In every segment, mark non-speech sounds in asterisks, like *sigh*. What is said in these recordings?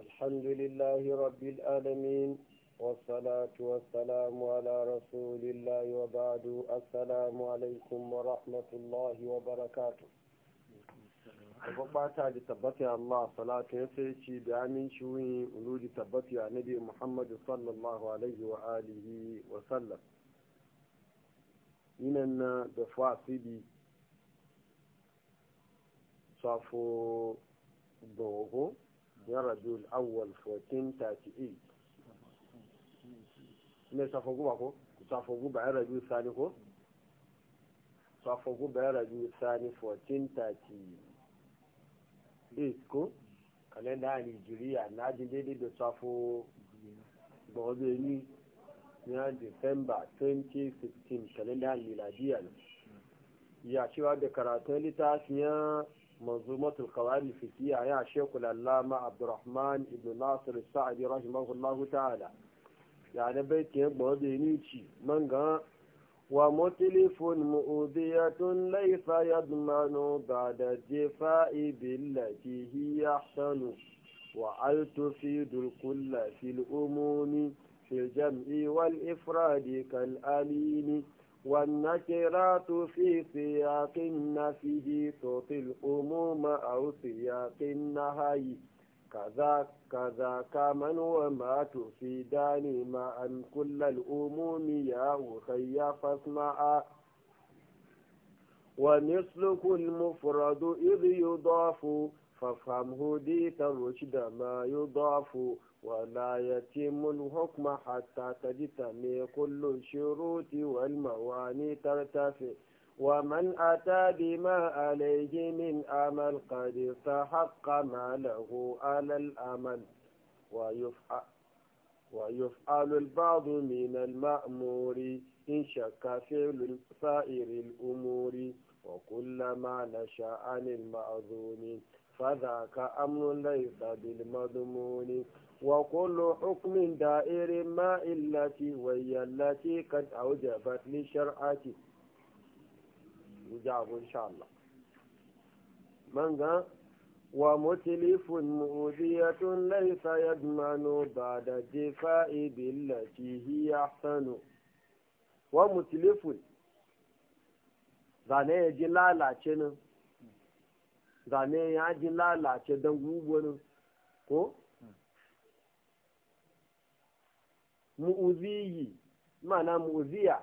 الحمد لله رب العالمين والصلاة والسلام على رسول الله وبعد السلام عليكم ورحمة الله وبركاته وقبعتها لتبطع الله صلاة يسيشي بعمين شوي ولو لتبطع نبي محمد صلى الله عليه وآله وسلم إننا دفع سيدي صافو دوغو ya rabiul awwal 1438 ne safon guba ko safon ba ya rabiul sani ko safon ba ya rabiul sani 1438 ko kalenda a nigeria na ji daidai da safo ba wajen ni na december 2016 kalenda a miladiya ya cewa da karatun littafin منظومة القوانين الفقهية يا شيخ العلامة عبد الرحمن بن ناصر السعدي رحمه الله تعالى يعني بيت مدينيتي من قال ومتلف مؤذية ليس يضمن بعد الجفاء بالتي هي أحسن وأل تفيد الكل في الأموم في الجمع والإفراد كالأليم والنكرات في سياق النفي تعطي الأموم أو سياق النهي كذا كذا كمن وما تفيدان ما أن كل الأموم يا أخي فاسمع ومثلك المفرد إذ يضاف فافهم هديك الرشد ما يضاف ولا يتم الحكم حتى تجتمع كل الشروط والمواني ترتفع ومن أتى بما عليه من أمل قد استحق ما له على الأمل ويفعل, ويفعل البعض من المأمور إن شك فعل سائر الأمور وكل ما نشأ عن المأذون فذاك أمر ليس بالمضمون وكل حكم دائر ما التي وهي التي قد أوجبت لشرعة يجاب إن شاء الله من قال ومتلف مؤذية ليس يضمن بعد الدفاع بالتي هي أحسن ومتلف ظنيج لا لا zane ya ji lalace don guguwar ko? mu'uziyi mana mu'uziya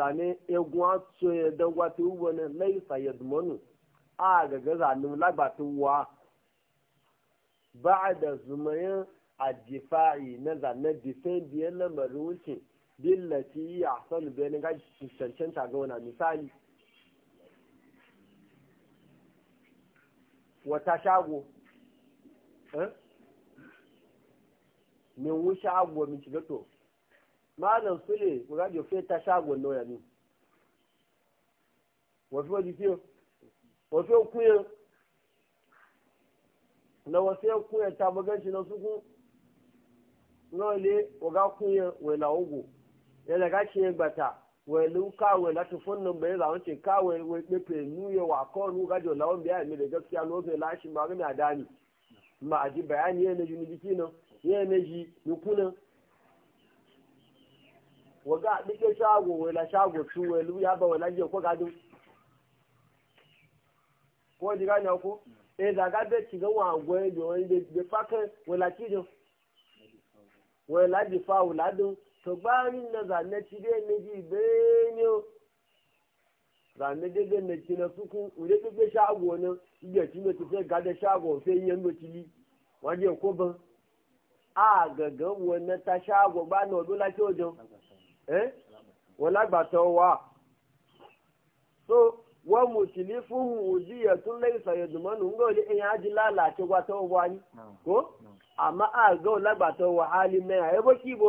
zane egun atso ya don ta ugbo na laisa ya zumanu a gaga zanen lagbatuwa ba da zumayen jifa'i na zane difendiyar lamarin wuce billaci ya sanu benin ga cancanta ga wani misali wata shago eh? min wu shago min shiga to malam sule ku radio fe ta shago noya ni wasu waje ke wasu kuyen na wasu yan kuyen ta buganci na suku nawa ne waga kuyen wela ugu ya daga ciyen gbata wẹ̀lú káwẹ̀ láti fóònù mẹ́rin làwọn ti káwẹ̀ pépè núyẹ wà kọ́ọ̀nù gájọ làwọn bí àmì rẹ̀ gẹ́gẹ́ àwọn obìnrin láti máa rí mi àdáni mà àti bàyá ní ẹnẹ́jú níbi kí na ní ẹnẹ́jú nìkú na. wọ́gá àdékè ṣáàgò wẹ̀lá ṣáàgò tú wẹ̀lú yábà wẹ̀lá jẹ́ ọ̀pọ̀ gádùn. kó o di ká ní ọkọ ẹ̀dá gábẹ́ tì gán wọn àgọ́ ẹ̀dùn ẹ̀ to gbanin na zane ci dai na ji benyo zane daga na ci na suku ure ɗaɗɗe shago nan iya ci mai tafiya gada shago sai yin wakili wajen ko ban a gaga wannan ta shago ba na wadola ke wajen eh wala gbatawa so wọ́n mú tìlí fún òjìyẹ tó lẹ́yìn sọ̀yẹ̀dùmọ́nù ń gòlì ẹ̀yìn ájí lálàá tó gbàtọ́ wá ní kó àmọ́ àgọ́ lágbàtọ́ wà á lè mẹ́ra ẹ e bó kí ibo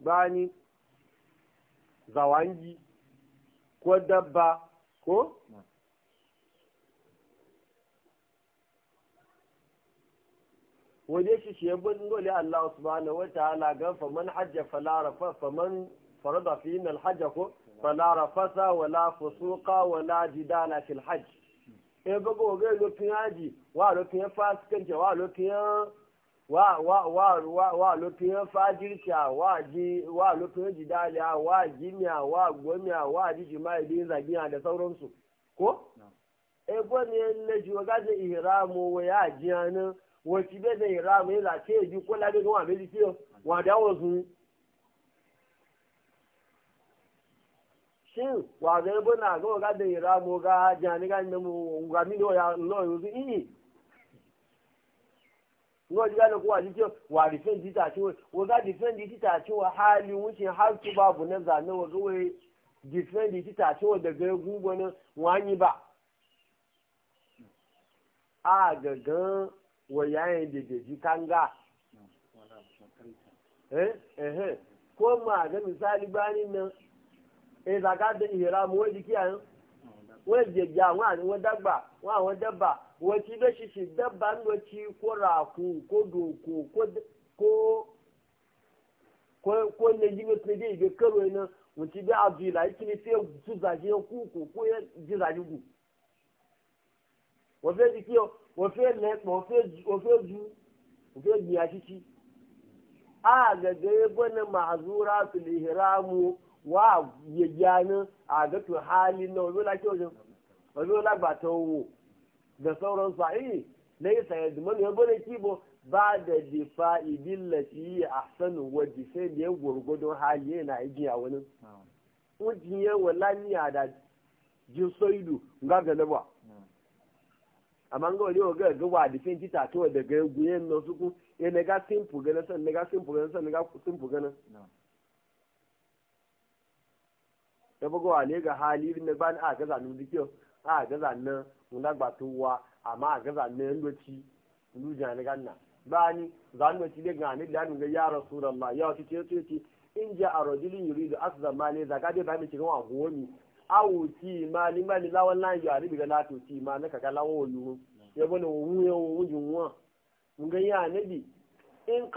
bani zawangi ko dabba ko wajen shi shi yabin dole Allah subhanahu wa ta'ala gan faman hajja falara faman farada fi yin alhajja ko falara fasa wala fusuka wala jidala fil hajj e bago ga lokin haji wa lokin fasikanci wa lokin wa wa wa wa wa lópin fájírìkà wa ji wa lópin jidaliya wa jimiya wa gomiya wa jijima idin zagiya da sauransu ko ebo ne na ji wa gaje ihramu wa ya ji nan wa ti be da ihramu ya ce ji ko la de wa be ji o wa da wo sun shin wa ga ebo na ga ga da ihramu ga jani ga ne mu ga mi do ya lo yo yi ngo diga na kuwa jijo wa defend dita ci wa ga defend dita ci wa hali wuce har ku babu na zane wa gawe defend dita ci wa daga gugu na wani ba a gagan wa yayin da da ji kanga eh eh ko ma ga misali bani nan eh zaga da ihram wani kiyan wani jejja wani wani dabba wani wani dabba wati da shi shi dabban wati ko raku ko doko ko ko ko ne jibe tun dai ga karo ina wati da azu la yake ne sai su ko ko ya ji ku le wa ju a ga ga bana ma'zura fil ihramu wa yajana a ga na wa la kyo wa la ba da sauran sahihi laisa yadmanu ya bane kibo ba da difa'i billati ahsanu wa sai da ya gurgudun hali yana na wani wajin ya wala niya da jin soidu ga galaba amma ga wani ga ga wa difin ti ta daga guyen na suku ya na ga simpu gana san na ga simpu gana a a ndagba to wa amma ga zanne lokaci luja ne ganna bani zanne ci de ganne da ga ya rasulullah ya ci ce ce in ja arajulin yuridu asza mali zaka de ba mi cikin wa gomi awu ti mali mali lawan yi ya ribi ga lato ti ma naka ga lawo yu ya bane wu ya wu jin wa mun ga ya nabi in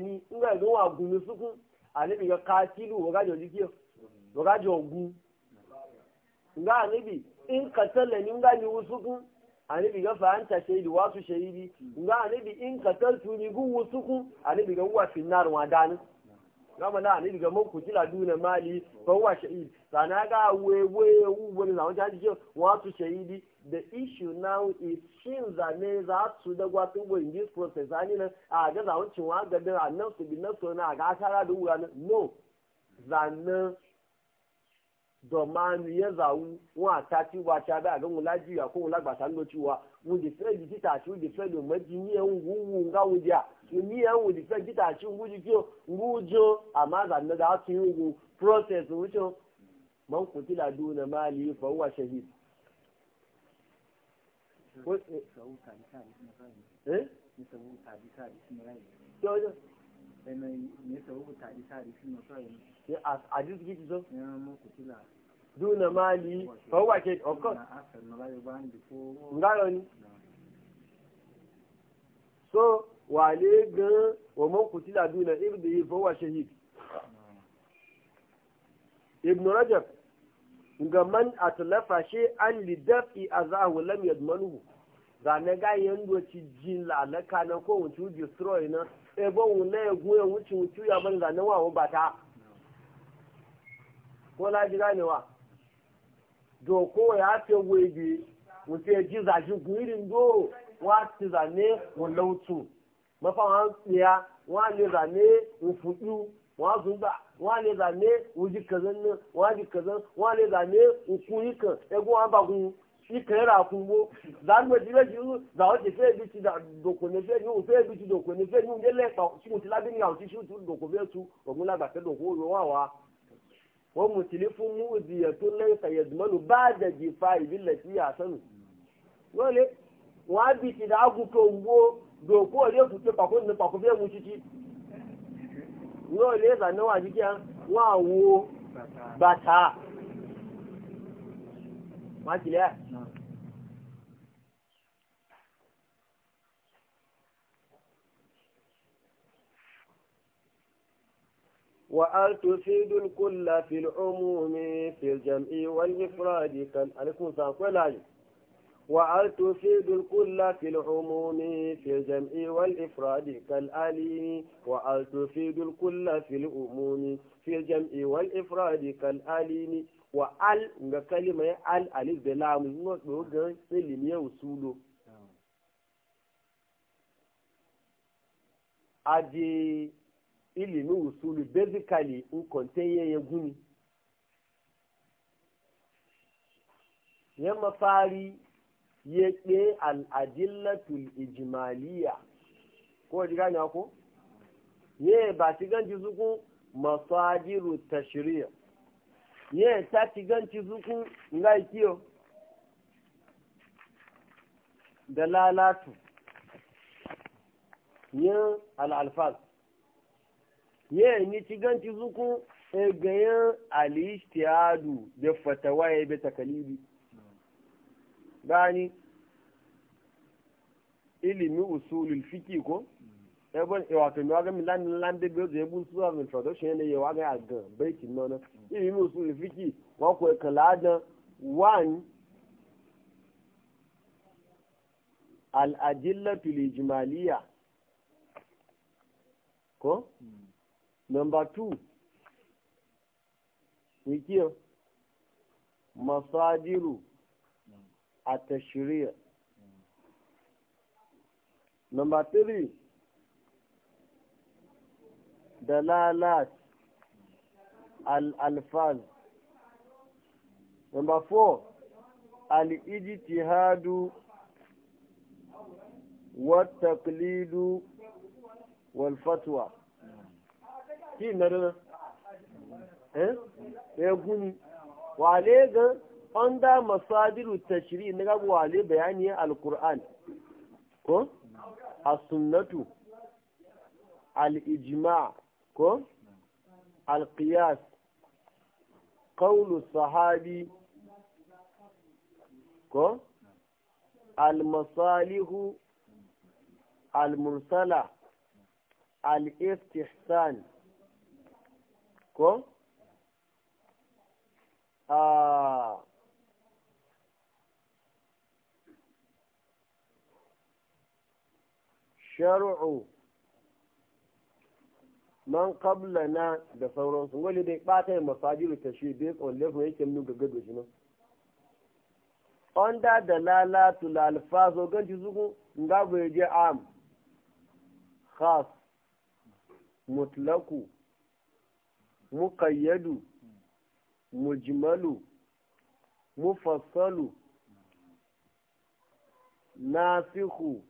ni in ga ga wa gumi suku anabi ga qatilu wa ga jojikiyo wa ga jogun nga anibi in katalani nga ni wusuku anibi ga fa'anta shahidi wasu shahidi nga anibi in kataltu ni gu wusuku anibi ga wa finnar wa dani gama na anibi ga mun kujila duna mali fa wa shahidi sana ga wewe wubo ni zawon jaji ke wasu shahidi the issue now is shin zane za su da gwatsun go in this process ani na a ga za cin wa ga da annan su bi na so na ga tara da wura no zanen domani ya zawu wa ta ci wa ta ba ga mu ko mu lagba ta ndo ciwa mu di fe di ta ci di fe do maji ni en wu nga wu dia ni en di fe di ta ci ngu ji jo ngu jo amma za na da ci ngu process wu cho man fa huwa shahid ko a duk gidi zo? duna mali fọwọ́ ke ọkọ̀ ngáyọ̀ ni so wà lè gan ọmọ kùtìlà duna ibùdó yìí fọwọ́ shahid ibn rajab ga man atlafa shi an lidafi azahu lam yadmanuhu zane ga yando ci jin lalaka na ko wuce destroy na ebe òun náà egun ẹ̀ wọ́n ti wọ́n tí ìyá mọ́nìlá náà àwọn bàtà wọ́n lájú wa doko wọn ya wọ́n á lè zà ní òfúdú wọ́n á zùn gbà wọ́n á lè zà ní òjì kẹsàn kan ẹgbẹ́ wọn bá ìkẹrẹ àkúnwó zanwẹsì rẹ ṣirú làwọn ṣe fẹẹ bí ti dòkò ní fẹẹ yóò fẹẹ bí ti dòkò ní fẹẹ yóò ń délẹ pa ṣùgbọn ti lábẹ ní àwọn tí ṣùtú dòkò fẹẹ tu ògùn lágbàfẹ dòkò ó lọ wà wá. wọn mú tìlí fún mú ìdìyẹ tó lẹyìn tàyẹdùmọnù bá àjẹjì fa ìbílẹ sí àṣẹnu. lọ́lẹ̀ wọn á bí ti dàágùn tó ń wo dòkò ọ̀rẹ́ òtútù pàkó ní ko fẹ́ mu títí. lọ́lẹ̀ ìlànà wà معاك الياء وأن تفيد الكل في العموم في الجمع والإفراد كان عليكم سلام وأن تفيد الكل في العموم في الجمع والإفراد كالآلي وأن تفيد الكل في العموم في الجمع والإفراد كالآلي وعل كلمة أل ألف بلام نوغان سلمية وسولو أدي ilimi usulu basically in contain ya gumi yamma fari ya ƙe al'adillatul ijimaliya ko ji gani ako? ye ba ti ganci zuku masajiru tashiriya ye ta ti ganci zuku nga ikiyo da lalatu yin al'alfaz ye ni ci ganci zuku egayen al'ishtiyadu da fatawa ya bi takalibi gani ilimi usul fiki ko ebon ewa to mi waga mi lan lan de bi o je bun suwa mi fodo shen ne yewa ga gan beti no na ilimi usul fiki wa ko e kala dan one al adillatu al ijmaliya ko number 2 wikio masadiru التشريع نمبر 3 دلالات الألفاظ نمبر 4 الاجتهاد والتقليد والفتوى كي نرنا ها يقول وعليه onda masadiru tashri na gabuwa bayani al alkur'an ko a sunnatu ko alkiyas qawlu sahabi ko almasalihu almursala al'istihsan ko ah. shar'u man qabla na da sauransu wani da ɓata yin masajiru ta shi based on level yake nuna ga gado shi nan onda da lalatu lalfazo ganci zugun nga bai je am khas mutlaku muqayyadu mujmalu mufassalu nasikhu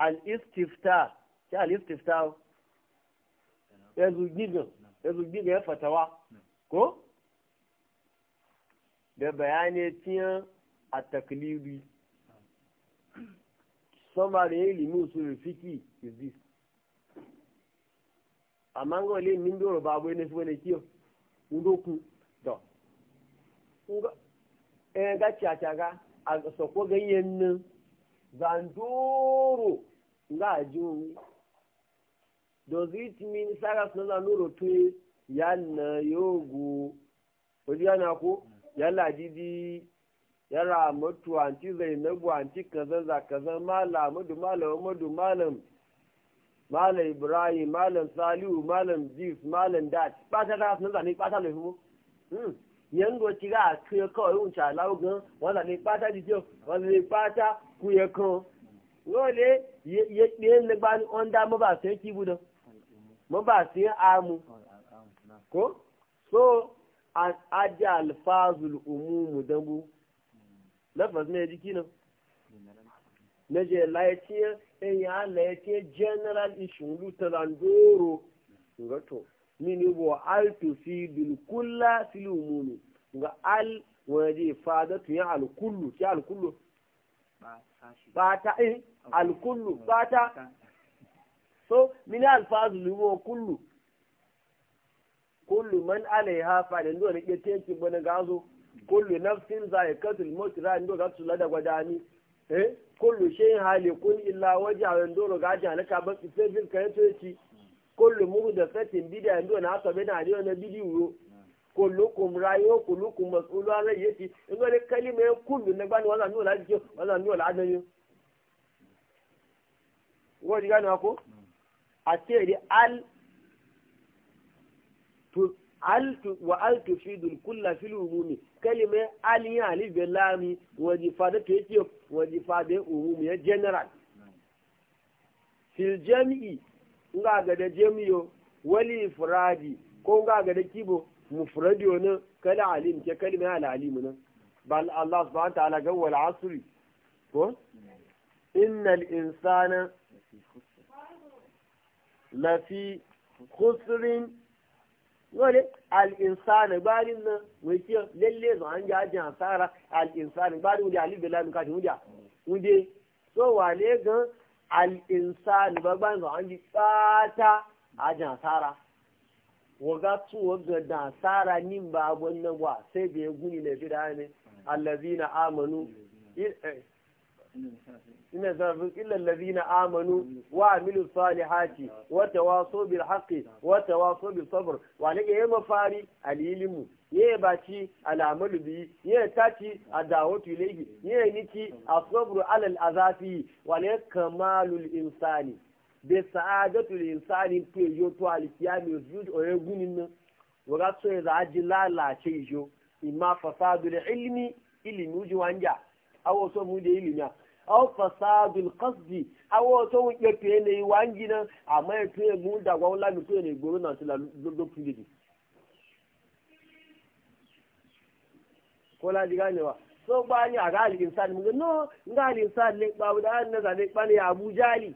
al'istifta ki al'istifta ya ya fatawa ko da bayani tiyan a taklidi somebody ya ilimi usulun fiki amma ga wale min doro kiyo eh, ga a sako ganyen zandoro nga ju does it yana yogu yana ko yalla didi yara mutu anti zainabu anti kazan za kazan mala mudu mudu malam ibrahim malam saliu malam jif malam dat pata ta pata le mu hmm ti ga tuye cha lawo gan wala ni pata di jo wala ni pata kan lole ya ɗaya na gbani on da mu ba sai kibu don mu ba sai amu ko so an aji alfazul umumu dambu lafaz ne jiki nan na je laitiya in e ya laitiya general issue lutar andoro ga to wo wa altu fi bil kulla fil umumi ga al waje fadatu ya al kullu ya al kullu ba ta eh alkullu fata so mini alfazu lumo kullu kullu man alaiha fa da ndo ne kete ki bana gazo kullu nafsin za'iqatul maut ra ndo ga tsula da gwadani eh kullu shay'in halikun illa wajha wa ndo ga ji halaka ba sai bin kai to yaci kullu muhdathatin bid'a ndo na ta na ne na bidiyo rayuwa, rayo kulukum mas'ulu an yaki, ndo ne kalima kullu na bani wala ndo la ji wala ndo la adayo wọ́n ti gánà a àti èdè al wa al tó fi dùn kúlà fílù òmùmí kẹ́lìmẹ́ al yẹn àlìbẹ̀ láàmì wọ́n ti fàdé tó yẹ kí wọ́n ti fàdé òmùmí yẹn general fil jami'i nga ga da jami'o wali ifradi ko nga ga da kibo mu mufradi wani kala alim ke kalima al alim nan bal allah subhanahu wa ta'ala ga wal asri ko mm. innal insana lafi kusurin wani al'insani barin nan wake lalle zuwa an jaji hasara al'insani barin wuje alibi lami kashin wuje wuje so wale gan al'insani babban zuwa an ji tsata ajin hasara waga tuwa ga da hasara ni ba wannan wa sai bai guni na fi da hannun na amanu ina zarafin illallazi na amanu wa amilu salihati wata waso bil haqqi wata waso bil sabr wa ne yema fari alilimu ye baci al'amalu bi ye tati adawatu ilayhi ye niki asabru alal azafi wa ne kamalul insani be sa'adatu lil insani pe yo to alkiyami yuzud oregunin wa ga so za ajilala cheijo imma fasadul ilmi ilmi ujwanja awo so mu de ilmiya aw fasadul qasdi awo to wu ye pe ne wangi na ama ye pe mu da gwa la mi to ne gboro na ti la do do fu ko la diga ne wa so ba ni aga ali insan mu no nga ali insan le ba da na za le pa ni abu jali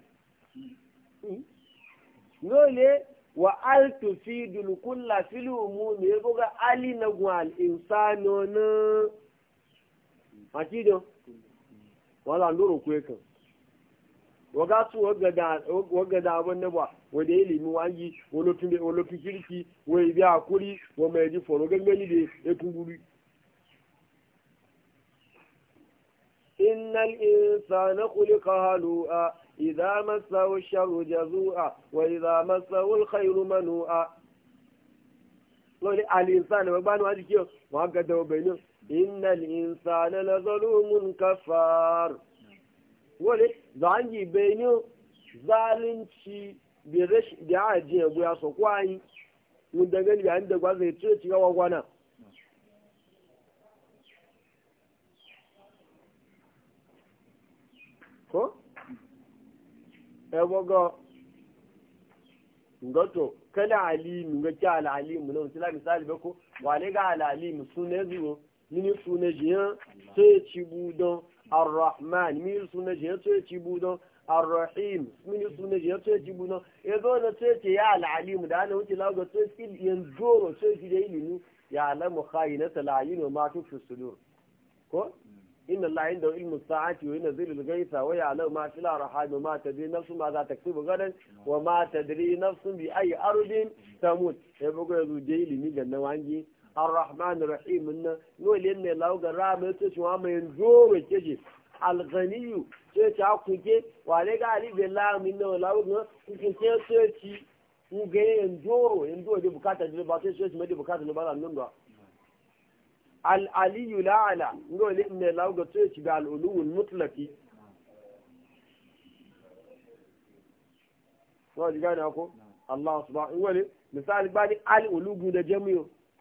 hmm? no le wa al tufidul kulla fil umumi ko ga ali na gwa al insano na Matido. wala nuru ku yakan waga su waga da waga da abun ne ba wa yi limi wangi wani tun da wani tun kirki wani bi a kuri wani mai ji foro gan gani da ya e tun guri innal insana khuliqa halu'a idza massahu sharru jazu'a wa idza massahu alkhayru manu'a lo le al insana wa ban wa dikio wa ga da obenu innal insana la zalumun kafar wale zangi benyo zalunci bi rashi da aje ya goya so kwai mun da gani yayin da gwaza ya ce ci gawa gwana ko ebogo ngato kala alimu ga kala alimu na misali misali bako wale ga alimu sunan zuwa mini suna jiyan sai ci budon arrahman mini suna jiyan sai arrahim suna jiyan ya zo na sai ce ya da ana wuce lagos sai ci yan zoro sai ilimi ya alamu khayi na talayin wa matu fi sudur ko inna allaha inda ilmu sa'ati wa yunzilu al-ghaytha wa ya'lamu ma fil arham wa ma tadri nafsun ma za taksubu gadan wa ma tadri nafsun bi ayi ardin tamut sai bugo yanzu je ilimi ganna wangi الرحمن الرحيم إن نقول إن لو جرام تسمع من جور كذي الغني تسمع كذي وعليك علي بالله من لو جرام تسمع كذي ugaye yanzoro yanzu da bukata da ba sai shi da bukata ba nan ba al aliyu la'ala ngo ne ne lauga to shi ga al ulul mutlaqi to ji gane ko Allah subhanahu wa ta'ala misali bani al ulugu da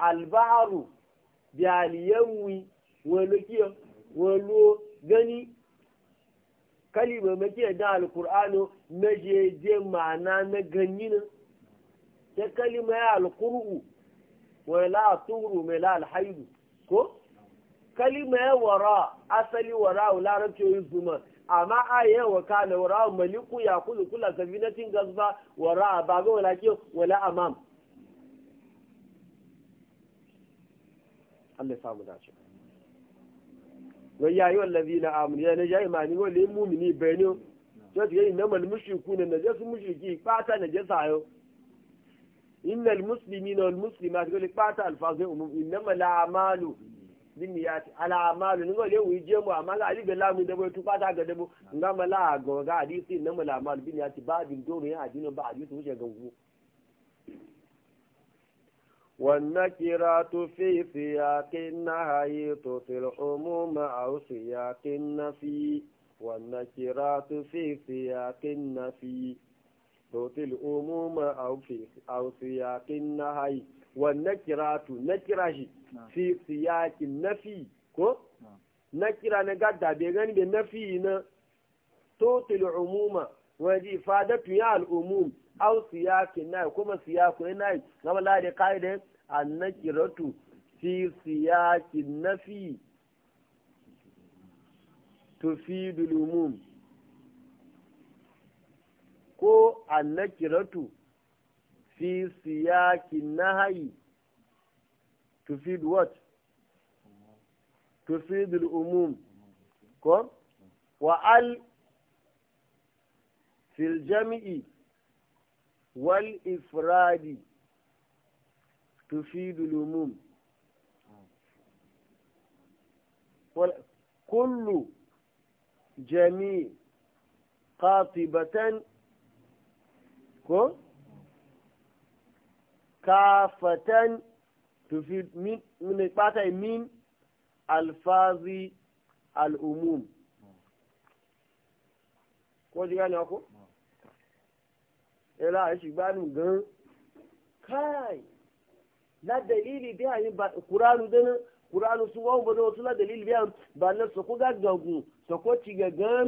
albaharu biyaliyanwi walukiyo waluo gani kalimar makiya da alkur'ano na jeje ma'ana na ganyi ta kalima ya alkur'u wai la tuhuru mai la alhaidu ko kalima ya wara asali wara larabci zuma amma a yi wa kana wara maliku ya kula kula cin gazba wara ba ga wala kiyo wala amam Allah ya samu dace wai yayi wallazi na amini ya naja imani wa lil mu'mini bayni to ga inna mal mushrikuna najasu mushriki fata najasa yo innal muslimina wal muslimat ga fata alfazai umum innama la amalu bin ya ala amalu ngo le wi je mu amala ali be lamu da boy tu fata ga dabo ngama la go ga hadisi innama la amalu bin ya ti ba din doro ya adino ba hadisi mu je ga والنكرات في سياق النهي تفي العموم أو سياق النفي والنكرات في سياق النفي تفي العموم أو في أو سياق النهي والنكرات نكرة في سياق النفي كو نكرة نقدر بيغني بالنفي تفي العموم waje fada ya al'umum au siyakin na kuma siyakun na gama lade ka'idai annakiratu fi siyakin nafi tufidu dulumum ko annakiratu fi siyakin nahayi tufidu what tufidu dulumum ko wa al في الجمع والإفراد تفيد العموم كل جميع قاطبة كافة تفيد من من من ألفاظ العموم ko ji ẹ̀rọ àṣìgbánu gan káì ládẹ̀lìlì bí àyè kuranu kuranu sun wọ́n bọ́dọ̀ tún dalili bí àyè bà ní sọ̀kọ́ gàgàgùn sọ̀kọ́ ti gàgán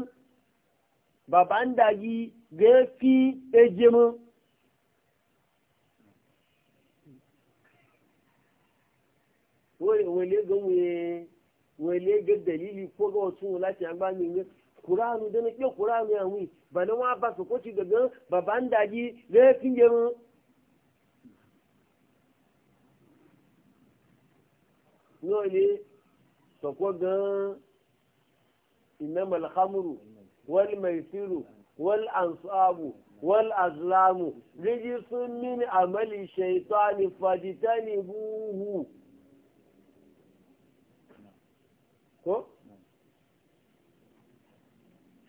bàbá ń dàgí gẹ́ fi ẹjẹ mọ́. wọ́n lé gan wọ́n lé gan dẹ̀lìlì kó gan tún láti mi kuranu dana ke kuranu ya wi ba na wa ba su koci gaga baban daji zai fi yin ne sako ga inama alhamuru wal maisiru wal ansabu wal azlamu rijisun min amali shaitani fajitani buhu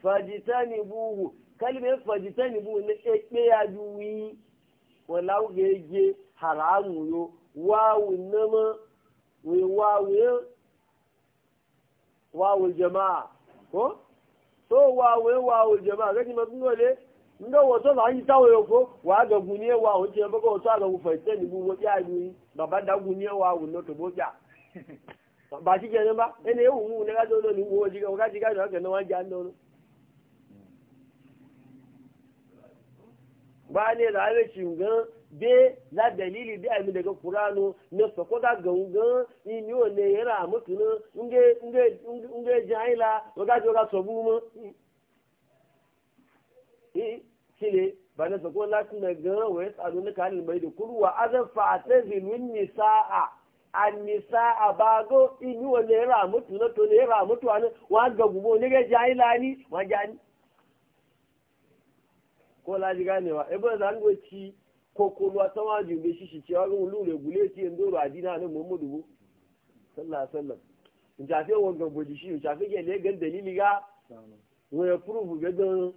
fajitanibuhu kalmar fajitanibu na ekpe ya juwi walau ga yake haramu yo wawu nama wai wawu wawu jama'a ko so wawu wawu jama'a gani mafi nole nga wato ba yi tawo yo ko wa ga o je bako wato ga ku fajitanibu wo ya juwi baba da no to boja *laughs* ba ti je ne ba ene mu ne ga do ni wo ji ga ga ji ga ba ne da abin gan be la dalili bi ami daga kuranu ne soko da gangan ini o ne yara mutu ne nge nge nge jaila waga joga sobu mu i kile ba na soko la tun ga wa yasalu ne kan bai da kurwa azan fa tazilu nisaa an nisaa bago ini o ne yara mutu ne to ne yara mutu ne wa ga gubo ne ga jaila ni wa jani ko laji ganewa e ba zan goci ko ko ruwa ta waju be shi shi ce wa gun lure gule ti en doro adina ne muhammadu bu sallallahu alaihi wasallam in ta fe won gambo shi in ta fe ke le gan dalili ga wo ya prove ga don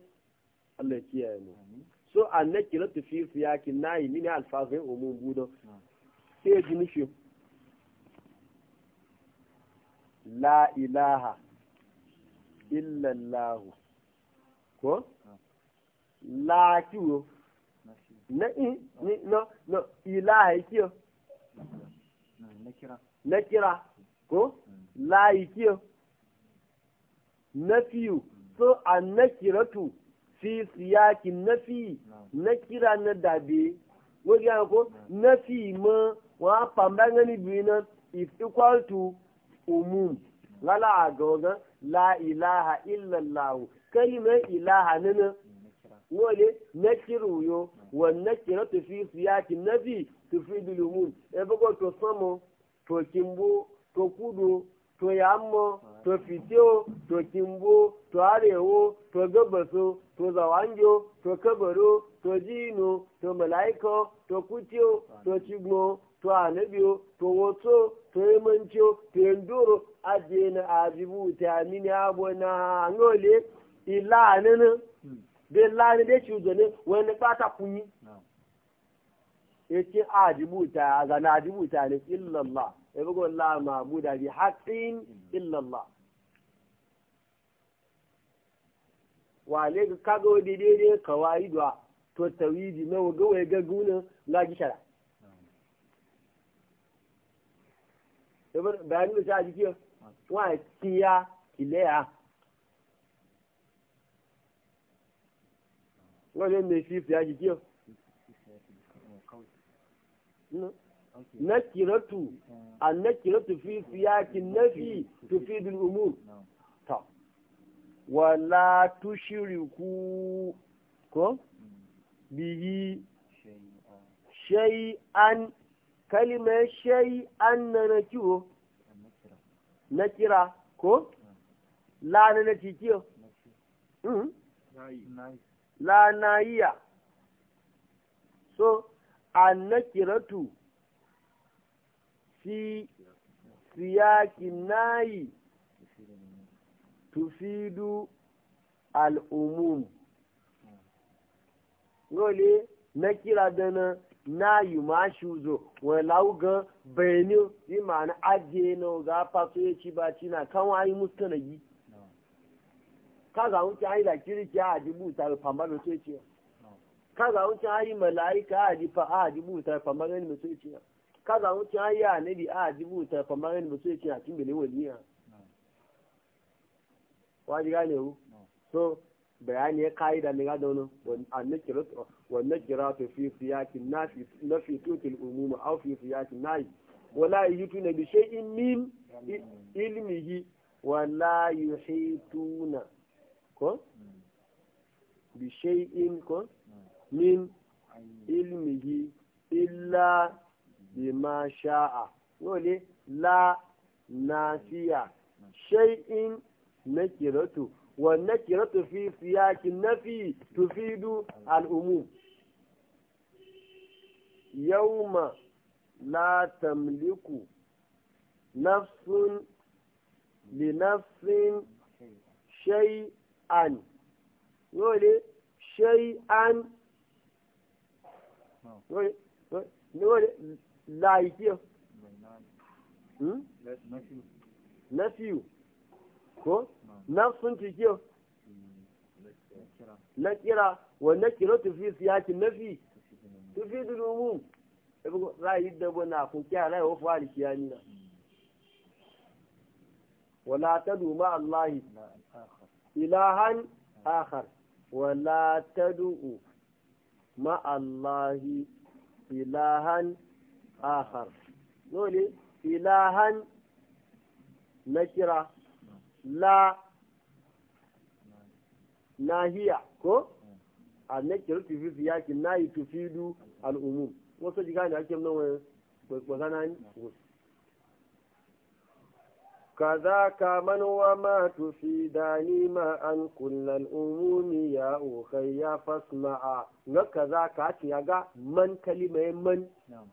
Allah kiyaye mu so annaki la tufi siyaki nayi min alfazin umum budo sai ji nishi la ilaha illallah. ko láàkíwò ìlàhà ìkíò lẹ́kíra kó nafiyu so a tu fi siyaki nafi nakira na dabe wọ́n yára kó nafi mọ́ wọ́n á gani níbi náà is equal to umum lálàá àgọ̀gán la ilaha illallahu kalimar ilaha nínú wole nakiru yo wa to fi siyaki nabi tufidu lumum e bogo to samo to kimbo to kudu to yammo to fitiyo to kimbo to arewo to gabaso to zawanjo to kabaro to jino to malaiko to kutiyo to cigmo to anabiyo to woto to yemancio to yendoro ajiye na ajibu ta mini abona ngole ila bai lari dai shi zane wani bata kunyi ya a jibuta a zana jibuta ne illallah ya bugu la mabuda bi haƙin mm. illallah wale ga kaga wani daidai kawai da to tawidi na waga wai ga gunin lagi shara bayanin da shi a jikin wa kiya kileya wọ́n lè fi fi àjì kí ọ. nakiratu a nakiratu fi siyaki nafi tu fi dul umur ta wala tushiriku ko bihi shay'an kalimar shay'an na na kiwo na kira ko la na na kiwo la so annakiratu fi siyaki nayi tufidu al'umum ngole nakira dana na yi ma shuzo wani laugan yi ma'ana ajiye na ga faso ya ci ba ci na kan wayi mustanagi kaga wuce ayi da kirki a dibu ta fambano sai ce kaza wuce ai malaika a difa a dibu ta fambano ne sai ce kaga wuce ai ya nabi a dibu ta fambano ne sai ce a kin bele waliya wa ji gane hu so bayani ya kai da liga da wannan wannan kirat wannan kiratu fi siyakin nafi nafi tutul umuma aw fi siyakin nayi wala yutuna bi shay'in min ilmihi wala yuhituna ko mm. bi shay'in ko mm. min ilmihi illa mm. bima sha'a wole la nafiya shay'in nakiratu wa nakiratu fi siyaki nafi tufidu al-umum yawma la tamliku nafsun li nafsin shay'in an yole shai an wole laikiyo nafiyu ko nafsun tikiyo na kira nakira kira tufi siyaki nafi tufi ra yi dabo na kukiya yi wafi wa kiyani na wala ta duma allahi ilahan akhar wala tad'u ma allahi ilahan akhar dole ilahan nakira la nahiya ko a nakiru tufi fiyakin nayi tufidu al'umum wasu jiga ne ake nan wani kwazanan wasu كذا من وما تفيداني ما أن كل الأموم يا أخي فاسمع وكذا كاتي أتيغا من كلمة من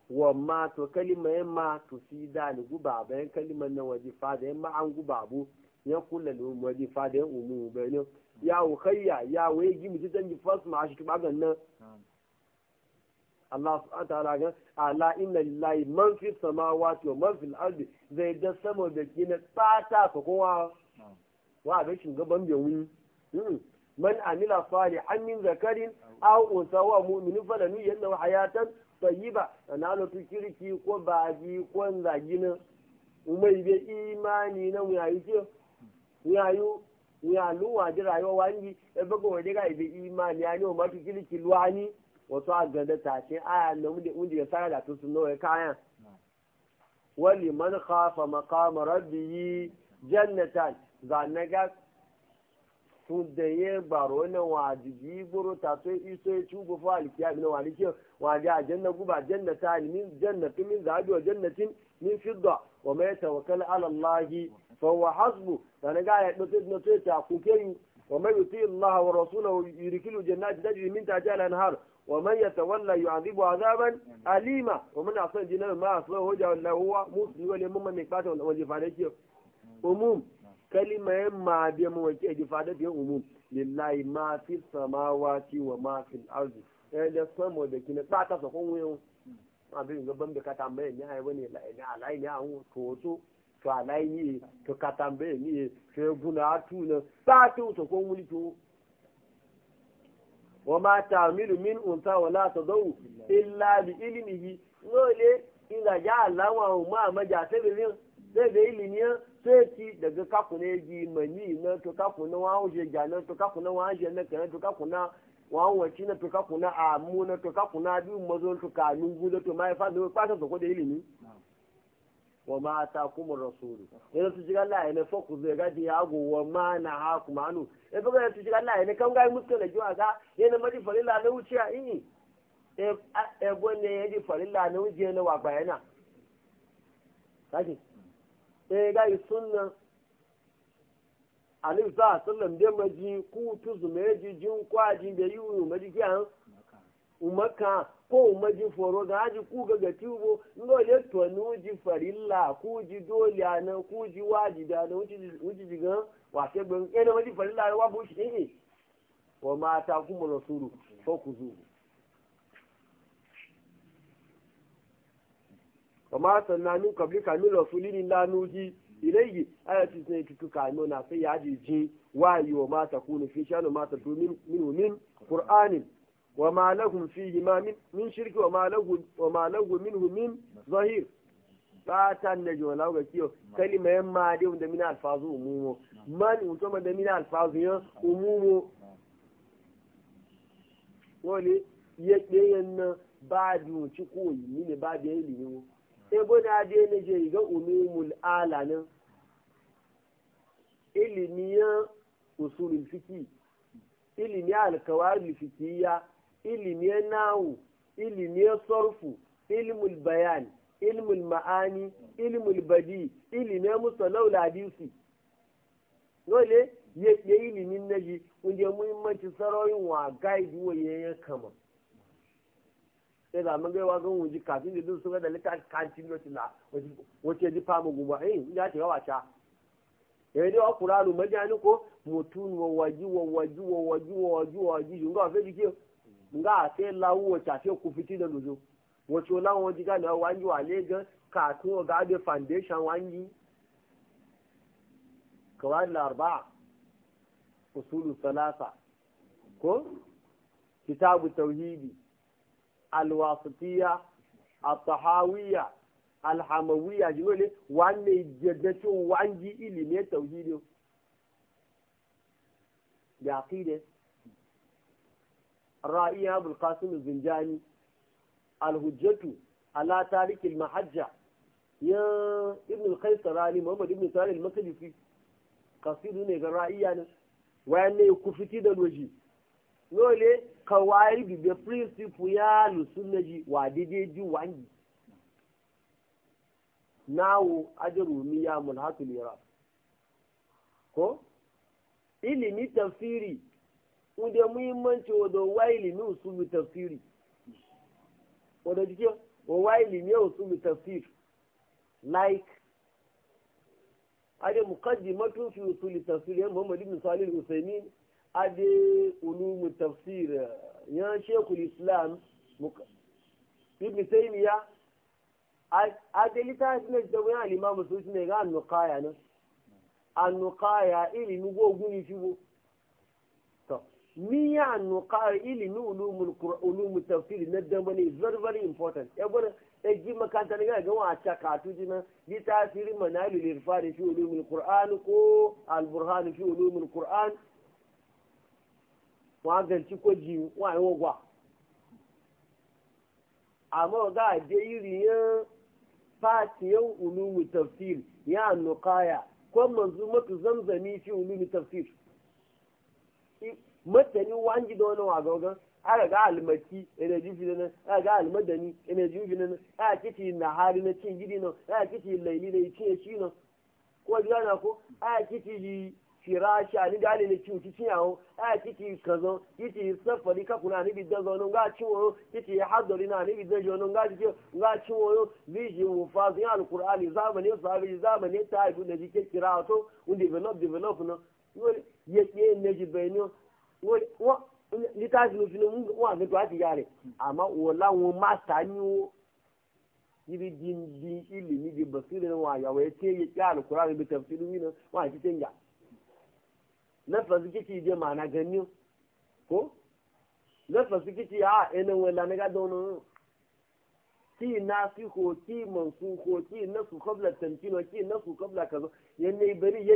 ومات كلمة ما تفيدان قبابين كلمة نواجي وجفادين ما عن قبابو yan kula da waje fada yan umu bayanin ya ukhayya ya waye gimi ta dangi Allah subhanahu ta'ala ga ala inna lillahi man fi samawati wa man fil ardi zai da sama da gina tsata ko kowa wa ga shugaban bai wuni man amila salihan min zakarin aw unsa wa mu'minu falanu yanna hayatan tayyiba ana lo kirki ko baji ko zagina umai be imani na mu yayi ce mu yayu mu yalu wa di rayuwa wani e bago wa diga ibe imani ani o ma kirki luwani wato a gada tashin aya na wunde ya sara da tun sun nawa kayan wani man makama rabbi yi jannatan za na zanaga sun da ye baro na wajibi buru ta to iso ya cubu fa alkiya na walikiyar waje a janna guba jannata min jannatin min zabi wa jannatin min fidda wa mai tawakal alallahi allah fa huwa hasbu zanaga ya dace na to ta kuke wa mai yuti allah wa rasulahu yurikilu jannati tajri min tahtiha al-anhar Wa ma iya tsawon layu alima. Eh, wa ma asali jinan ma asali wajen na yiwuwa musu ni ole mu ma mai kpata Umum kalimai ma biyar mu wakiyar umum. Lillayi mafi sama waki wa mafi azi. E da samu da kina tata sa kowu yau. Ma biyun zai bambe katambo yainya a yiwa alayi yawo toso, to alayi yi katambo yi miye sheburatu na. Satu sa kowuli tu. wa ma ta'milu min unsa wala tadau illa bi ilmihi lole inda ja Allah wa ma ma ja sai bin sai da ilimi sai ti daga kakuna ji mani na to kakuna wa uje ja na to kakuna wa uje na kana to kakuna wa wace na to kakuna amu na to to to fa ko da ilimi wa ma ta kuma rasulu yana su shiga Allah ne fokus zai gaji ya wa ma na ha kuma anu e ba ga su shiga kan ga musu da jiwa ga yana mari na wuce a ya e ya di farilla na wuce e na wa bayana kaji e ga yi sunna alif za sallam da maji ku tuzu meji jin kwaji ko maji foro ga haji ku ga ga bo ngo le to nu ji farilla ku ji dole anan ku ji da anan wuci ji gan wa ke gbe e na maji farilla wa bo shi eh wa ma ta ku mu rasulu ko ku zu wa ma sanna ka mi rasuli ni la nuji ilayhi ayati sai tutuka no na sai yaji ji wa yi wa ma ta kunu fi shanu ma ta min min qur'anin wa ma lahum fihi ma min min shirki wa ma lahu wa ma lahu minhu min zahir ba ta ne jo lawo ga kiyo kalima yan ma da min alfazu umumo man unto da min alfazu yan wani ba ebo na de ne je ga umumul ala nan ilimiyan usulul fiqi alkawar fiqiyya ilimi nahu ilimi sarfu ilmul bayan ilmul ma'ani ilmul badi ilimi laula hadisi dole ya ɗe ilimin naji kunje muhimmanci sarorin wa gaidi wa yaya kama sai da mun gaiwa gan wuji kafin da zai suka da lita kantin wacce na wace ji fama guba eh ya ce yawa ta yayi dai wa qur'anu majani ko mutun wa waji wa waji wa waji wa waji wa waji yunga fe dike nga sai lawo tafe ku fiti da lojo wato lawo diga na wangi wale ga ka ko ga be foundation wangi kawal arba usul salasa ko kitabu tauhidi alwasitiya at-tahawiyya alhamawiyya jinole wanne jaddato wangi ilimi tauhidi ya qide ra'ayi abul qasim zinjani alhujjatu ala tarik mahajja ya ibn al-qaisarani muhammad ibn salih al-makdisi kasidu ne ga ra'iya ne wayan ne ku fiti da loji lole kawai bi be principle ya ji wa daidai ji wangi nawo ajaru miya mulhatul iraq ko ilimi tafsiri wanda muhimmanci wadda wayi limi usulu tafsiri wadda jike wa wayi limi usulu tafsir like ade muqaddimatun fi usuli tafsir ya muhammad ibn salih al-usaymin ade ulum tafsir ya shaykhul islam ibn taymiya ade litafin da wani al-imam sufi ne ga an-nuqaya ne an-nuqaya ilimi gogun miya nukar ilimi ulumul ulumu tafsiri na damba ne very very important e gwada e ji makanta na ga wa ta katu na bi manali lil fari fi ulumul qur'an ko burhan fi ulumul qur'an wa ganci ko ji wa yi wagwa amma ga je iriyan fatiyan ulumul tafsir ya nukaya ko manzu mutu zamzami fi ulumul tafsir matani wangi da wani wagaga aka ga almaki ina jufi na aka ga almadani ina jufi na aka kici na hari na cin gidi nan aka kici laili da cin shi na ko ji na ko aka yi firashi ani da ne cin na cin yawo aka kici kazo yi safari ka kuna ni bidan zo ga cin wo yi hadari na ni bidan jo ga ji ga cin wo ziji mu fa zin alqur'ani zamani sahabi zamani ta ibu da jike to un develop develop na yeye ne ji benyo lítàsí ló fi ní wọn àgbẹ̀ tó láti yá rẹ̀ àmọ́ wọ́n láwọn máta ní wọ́n níbi dìndì ilé níbi bọ̀sílẹ̀ wọn àyàwó ẹ̀ tí èyí yá àlùkùrá rẹ̀ bí tẹ̀sí ní wíná wọn àti tẹ̀ ń yà lẹ́fọ̀sí kìtì ìdè màánà gan ní kó lẹ́fọ̀sí kìtì yà ẹni wọn lànà gàdọ̀ ọ̀nà ọ̀nà tí iná sí kò tí mọ̀nsú kò tí iná sùn kọ́bìlà tẹ̀mtì náà tí iná sùn kọ́bìlà kàzọ́ yẹn ní ìbẹ̀rẹ̀ yẹ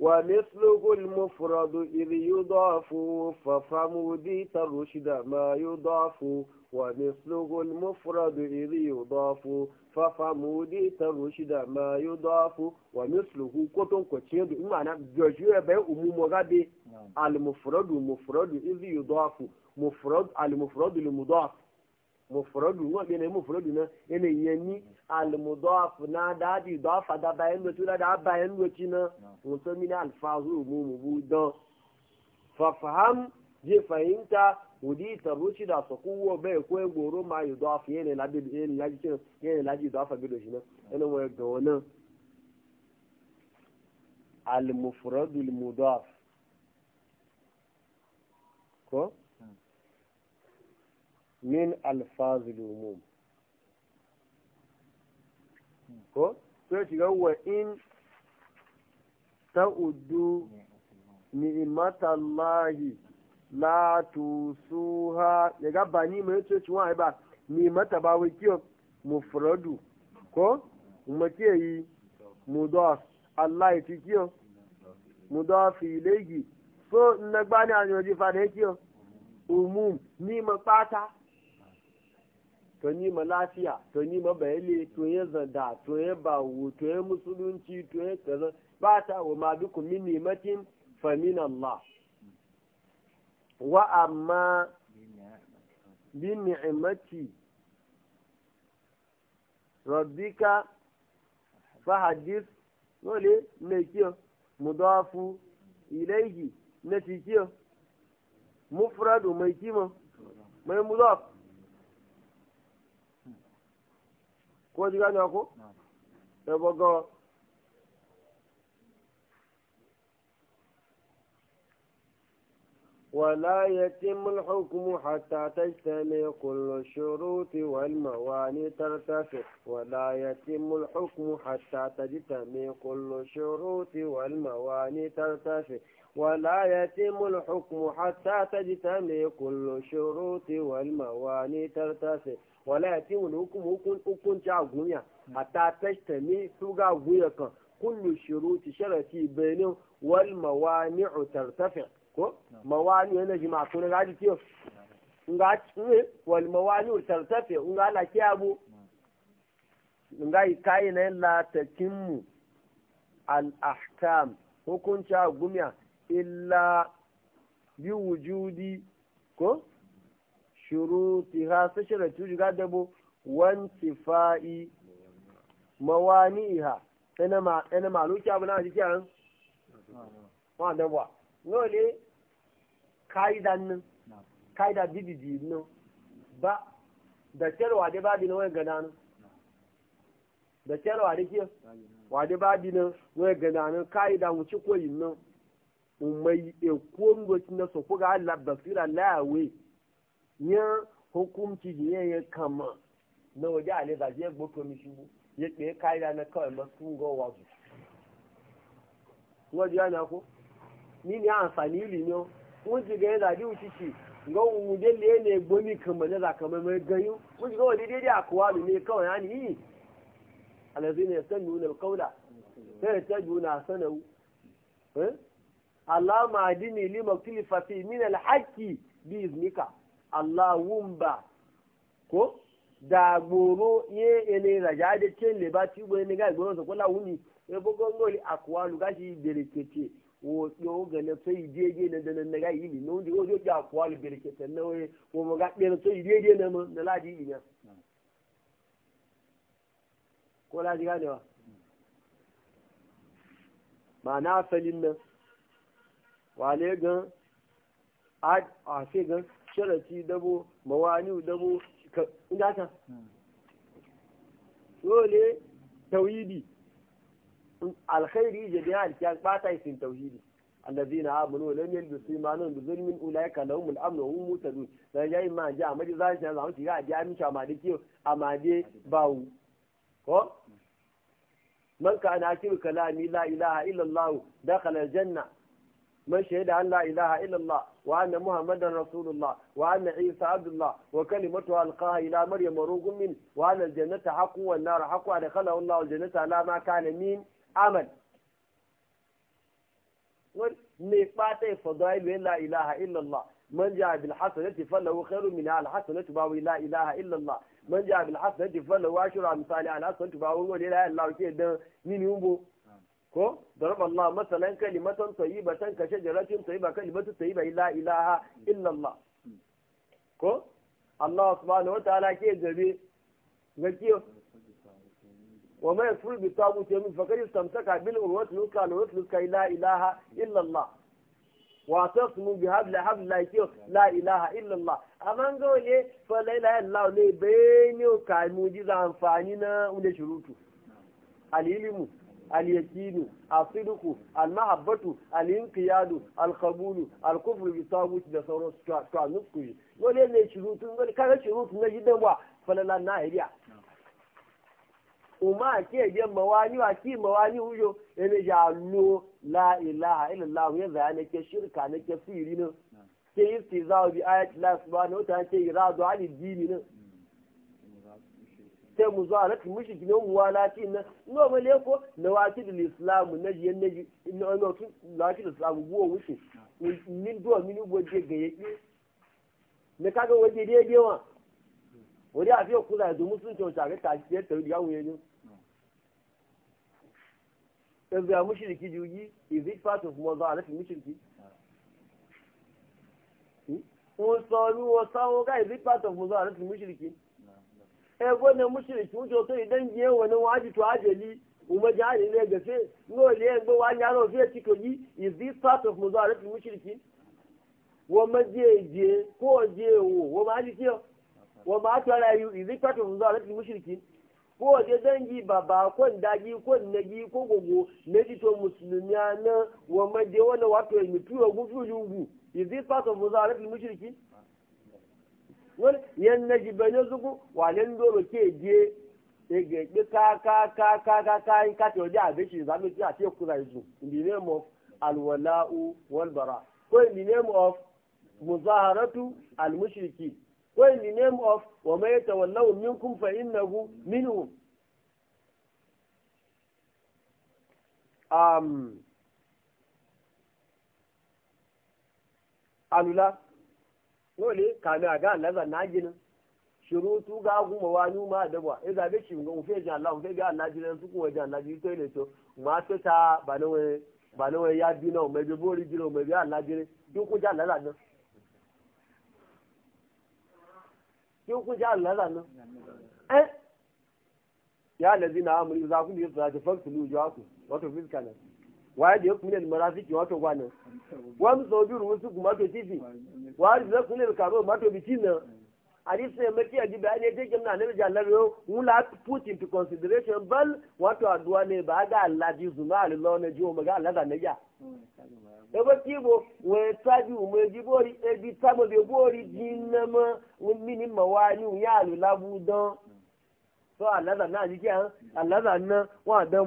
ومثله المفرد إذ يضاف فافهموا ديت الرشد ما يضاف ومثله المفرد إذ يضاف فافهموا ديت الرشد ما يضاف ومثله كتن كتشيد إما جوجوه بي أموم غبي المفرد مفرد إذ يضاف مفرد المفرد المضاف mufuradu wọn bẹ na mufuradu na ẹna yẹn ni alimudọf na di daadi dọfa daba yẹn lọtí dada aba yẹn lọtí na wọn mi ni alifazu mu mu bu dán fafaham je fahimta wòdi tarusi da sọkúwọ bẹẹ kó egboro ma yìí dọf yẹn ne labi yẹn ni laji tiẹ yẹn ni laji dọfa bi lọsi na ẹna wọn gbọwọ na alimufuradu limudọf kɔ. min alfazil umum ko sai shiga wa in ta'uddu ni'matallahi la tusuha daga ba ni mai ce ci wani ba ni mata ba wai kiyo mufradu ko mu ke yi mudaf Allah na umum ni to ni ma lafiya to ni ma bayele to ya zanda to ya bawo to ya musulunci to ya kaza ba ta wa ma bikum min nimatin fa min Allah wa amma bi ni'mati rabbika fa hadith dole ne kiyo mudafu ilayhi na tikiyo mufradu mai kima mai mudaf baga ولا يتم الحكم حتى تجتمع كل الشروط والموانع ترتفع ولا يتم الحكم حتى تجتمع كل الشروط والموانع ترتفع ولا يتم الحكم حتى تجتمع كل الشروط والمواني ترتفع ولا يتم الحكم حكم حكم تعغويا حتى تجتمع سوغاغويا كل الشروط شرطي بينهم والموانع ترتفع ko mawani yana jima ko na gaji kiyo nga tsuwe wal mawani tartafe la kiyabu kai na la takimmu al ahkam hukunta gumya illa bi wujudi ko shuruti ha su shirya tuji ga dabo wanti fa'i mawani ha ɗana maluki abu na jiki an ma dabuwa nole ka'idan nan ka'ida bidiji nan ba da kyar wade babi na wani gana nan da kyar wade ke wa wade babi na wani gana nan ka'idan wuce koyin nan umai e kongoci na so kuga Allah basira lawe nya hukunci je ya kama na waje ale da je gbo komi shibu ya ke kaida na kawai masu go wazu waje ana ko ni ni amfani ilimi o wọ́n ti gẹ̀yẹ́ dàdí òṣìṣì ǹgọ́ ohun délé ẹni ẹgbọ́n ní kan mọ̀lẹ́ làkàn mẹ́mẹ́ gẹ̀yún wọ́n ti gọ́wọ́ dédé àkọwà lù ní ẹ̀kọ́ ìyá nìyí alẹ́bí ni ẹ̀sẹ̀ ìlú nà kọ́wọ́dà fẹ́ẹ̀ tẹ́jú nà sẹ́nà wù alama dini lima kilifa fi min alhaqi bi iznika wumba ko da gboro ye ele raja de kele ba ti bo ni ga gboro so ko lawu ni e bogo ngoli akwa lu ga ji berekete wo yo gele to ideje ne de ne ga yili no ndi ojo ja akwa lu berekete ne we wo mo ga de to ideje ne mo ne la di ni ko la di ga ne wa ma na asalin nan wale gan a sai gan sharafi dabo mawani dabo inda ta dole tauhidi alkhairi jami'a alkiyar bata isin tauhidi الذين آمنوا لم يلبسوا إيمانهم بظلم أولئك لهم الأمن وهم مهتدون da ya yi ma ji a maji zai shan zama shiga a ji amince a madi kiyo a madi ko man ka ana kalami la ilaha illallah dakhala janna من شهد أن لا إله إلا الله وأن محمد رسول الله وأن عيسى عبد الله وكلمته ألقاها إلى مريم وروق من وأن الجنة حق والنار حق وأدخله الله الجنة على ما كان من عمل نفاتي فضائل لا إله إلا الله من جاء بالحسنة فله خير منها الحسنة باوي لا إله إلا الله من جاء بالحسنة فله عشر على الحسنة باوي لا إله إلا الله كده من يومه ko darab Allah masalan kalimatan tayyibatan ka shajaratin tayyiba kalimatu tayyiba la ilaha illa Allah ko Allah subhanahu wa ta'ala ke gabe gaskiyo wa ma yasul bi tabu tabuti min fakar istamsaka bil urwat luka urwati luka la ilaha illa Allah wa tasmu bi hadl hadl la kiyo la ilaha illa Allah aman gole fa la ilaha illa Allah ne bayni kai mujiza amfani na unde shurutu alilimu اليقين الصدق المحبة الانقياد القبول الكفر بالطاغوت da sauran su to nusku yi dole ne shurutun dole kaga shurutun na gidan wa falala na hiriya umma ke je mawani wa ki mawani huyo ene ya lo la ilaha illallah ya za ne shirka ne ke sirri ne ke istiza bi la ali ne sai mu zo a rati mishi mu na no ma le ko na wati da islam na je na ji na na tun lati da islam go wuce min do min go je ga yake ne kaga waje dai dai wa wani a fiye kula da ya taru da yanzu in ga mushriki jugi is it part of mo za alafin mushriki wọ́n sọ ní wọ́n sáwọ́ ká is it part of mo ego na mushriki wuce to idan je wani waji to ajali kuma jari ne gafe no le egbo wa nyaro fe tiko yi is this part of muzarat mushriki wo ma je je ko je wo Wama ma ji kiyo wo ma to ra yu is this part of muzarat mushriki ko je dangi baba ko ndagi ko nagi ko gogo ne ji to musulmi ana wo ma je wani wato mi tuwo gufu yugu is this part of muzarat mushriki wani yan na ji bane zuku walen doro ke je e ga gbe e ka ka ka ka ka ka in e ka to ja be shi za mu ti ati ku zai e zu in the name of al wala'u wal bara ko in the name of muzaharatu al mushriki ko in the name of wa may yatawallahu minkum fa innahu minhum um alula dole kame a ga nazar na ginin tu ga kuma wani ma da ba ya zabe shi ga ufe jan Allah ufe ga Allah jinan su kuma jan Allah jinan ne to ma ta ta ba na ba na ya bi na mai bi bori jina mai bi Allah jinan duk jan nan duk kun jan lazar nan eh ya lazina za ku bi ta lu jawaku wato fiskalan waje ya kunin marafiki wato gwanin wani sau biyu rubutu kuma to tifi waje ya kunin karo mato biti nan a ji sai maki a ji bayani ya na nabi jallar yau wula put into consideration bal wato aduwa ne ba ga Allah ji zuma alilawa na ji ma ga Allah da naja ebe kibo wee tabi ume ji bori ebi tabo be bori ji nama mini mawani ya alulabu don so Allah da na ji kiyan Allah da na wa dan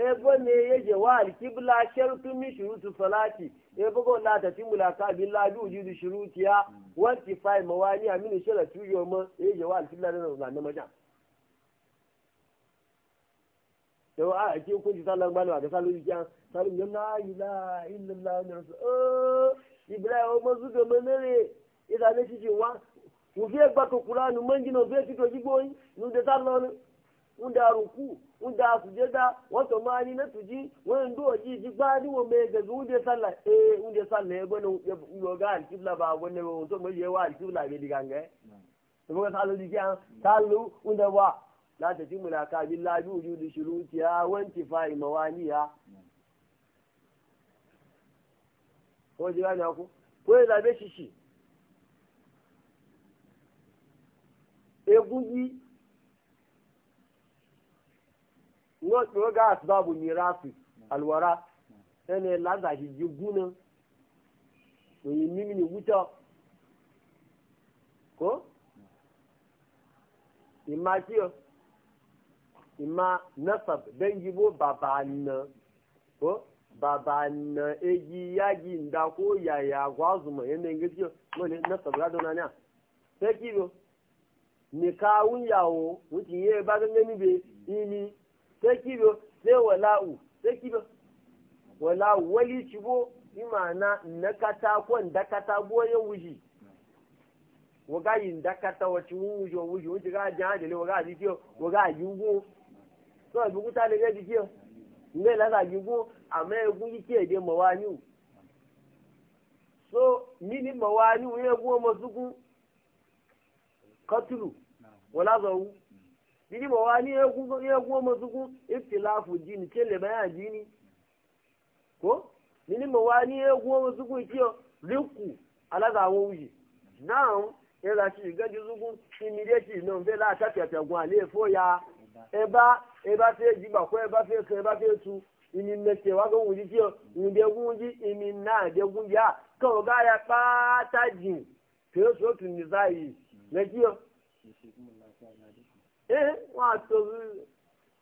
ebo ne yaje wa alkibla shartu min shurutu salati e bugo la ta timula ka billahi wujudu shurutiya mm. wa tifai mawani amini shara tuyo ma yaje wa alkibla da na na maja to a ke kun ji sallan balwa ga salu ji an salu yan la ila illa allah wa rasul oh, o ma zu manare ida ne ci wa ku fiye gba to qur'anu manjino fiye ci to jigoyi nu de sallon nu da ruku wanda a suje da wato mani na tuji wani duwa ji ji ba ni wa mai gazu wunde sallah eh wunde sallah ya e, gwani e, yoga alkibla ba wani ba wato mai yawa alkibla bai diga ga da muka salo ji kyan salo wanda wa la ta ji mulaka billahi wujudu shurutiya wanti fa'i mawaniya ko ji gane ku ko ya e, zabe shi shi egungi wọ́n ga asibabu mirafi alwara ẹni laza shi ji guna oyi mimini wuta ko ima kiyo ima nasab don gibo baba na ko baba na eji yagi da ya yaya gwazuma yanayin gaskiya wani nasab radona ne sai kiyo ni kawun yawo wuce yi ba gangan ni be ini sai kibo sai wala'u sai wala'u wali cibo imana na katakon da katabo ya wuji waga yin da kata wacce wuji wa wuji wuji ga jan hajjale waga a jikiyo waga a yugo so bi kuta da gaji kiyo ne la ga mawani so ni mawani ya katulu wala zawu yìí bọ̀ wá ní eégún ọmọ tuntun ìfìlàfù jìnnì tí lè báyà jìnnì kó yìí bọ̀ wá ní eégún ọmọ tuntun ìkí ọ ríkù alága àwọn òyì náà ń ra sí ìgẹ́jú tuntun ìmìlẹ́tì náà ń fẹ́ láti àtẹ̀tẹ̀gùn àlẹ́ ìfọ́yà ẹ̀bá ẹ̀bá fẹ́ jìbàkọ́ ẹ̀bá fẹ́ kan ẹ̀bá fẹ́ tu ìmì mẹsẹ̀ wá gbóhùn jí tí ọ ìdẹ́gún jí ìmì náà dẹ́gún yá eh wa to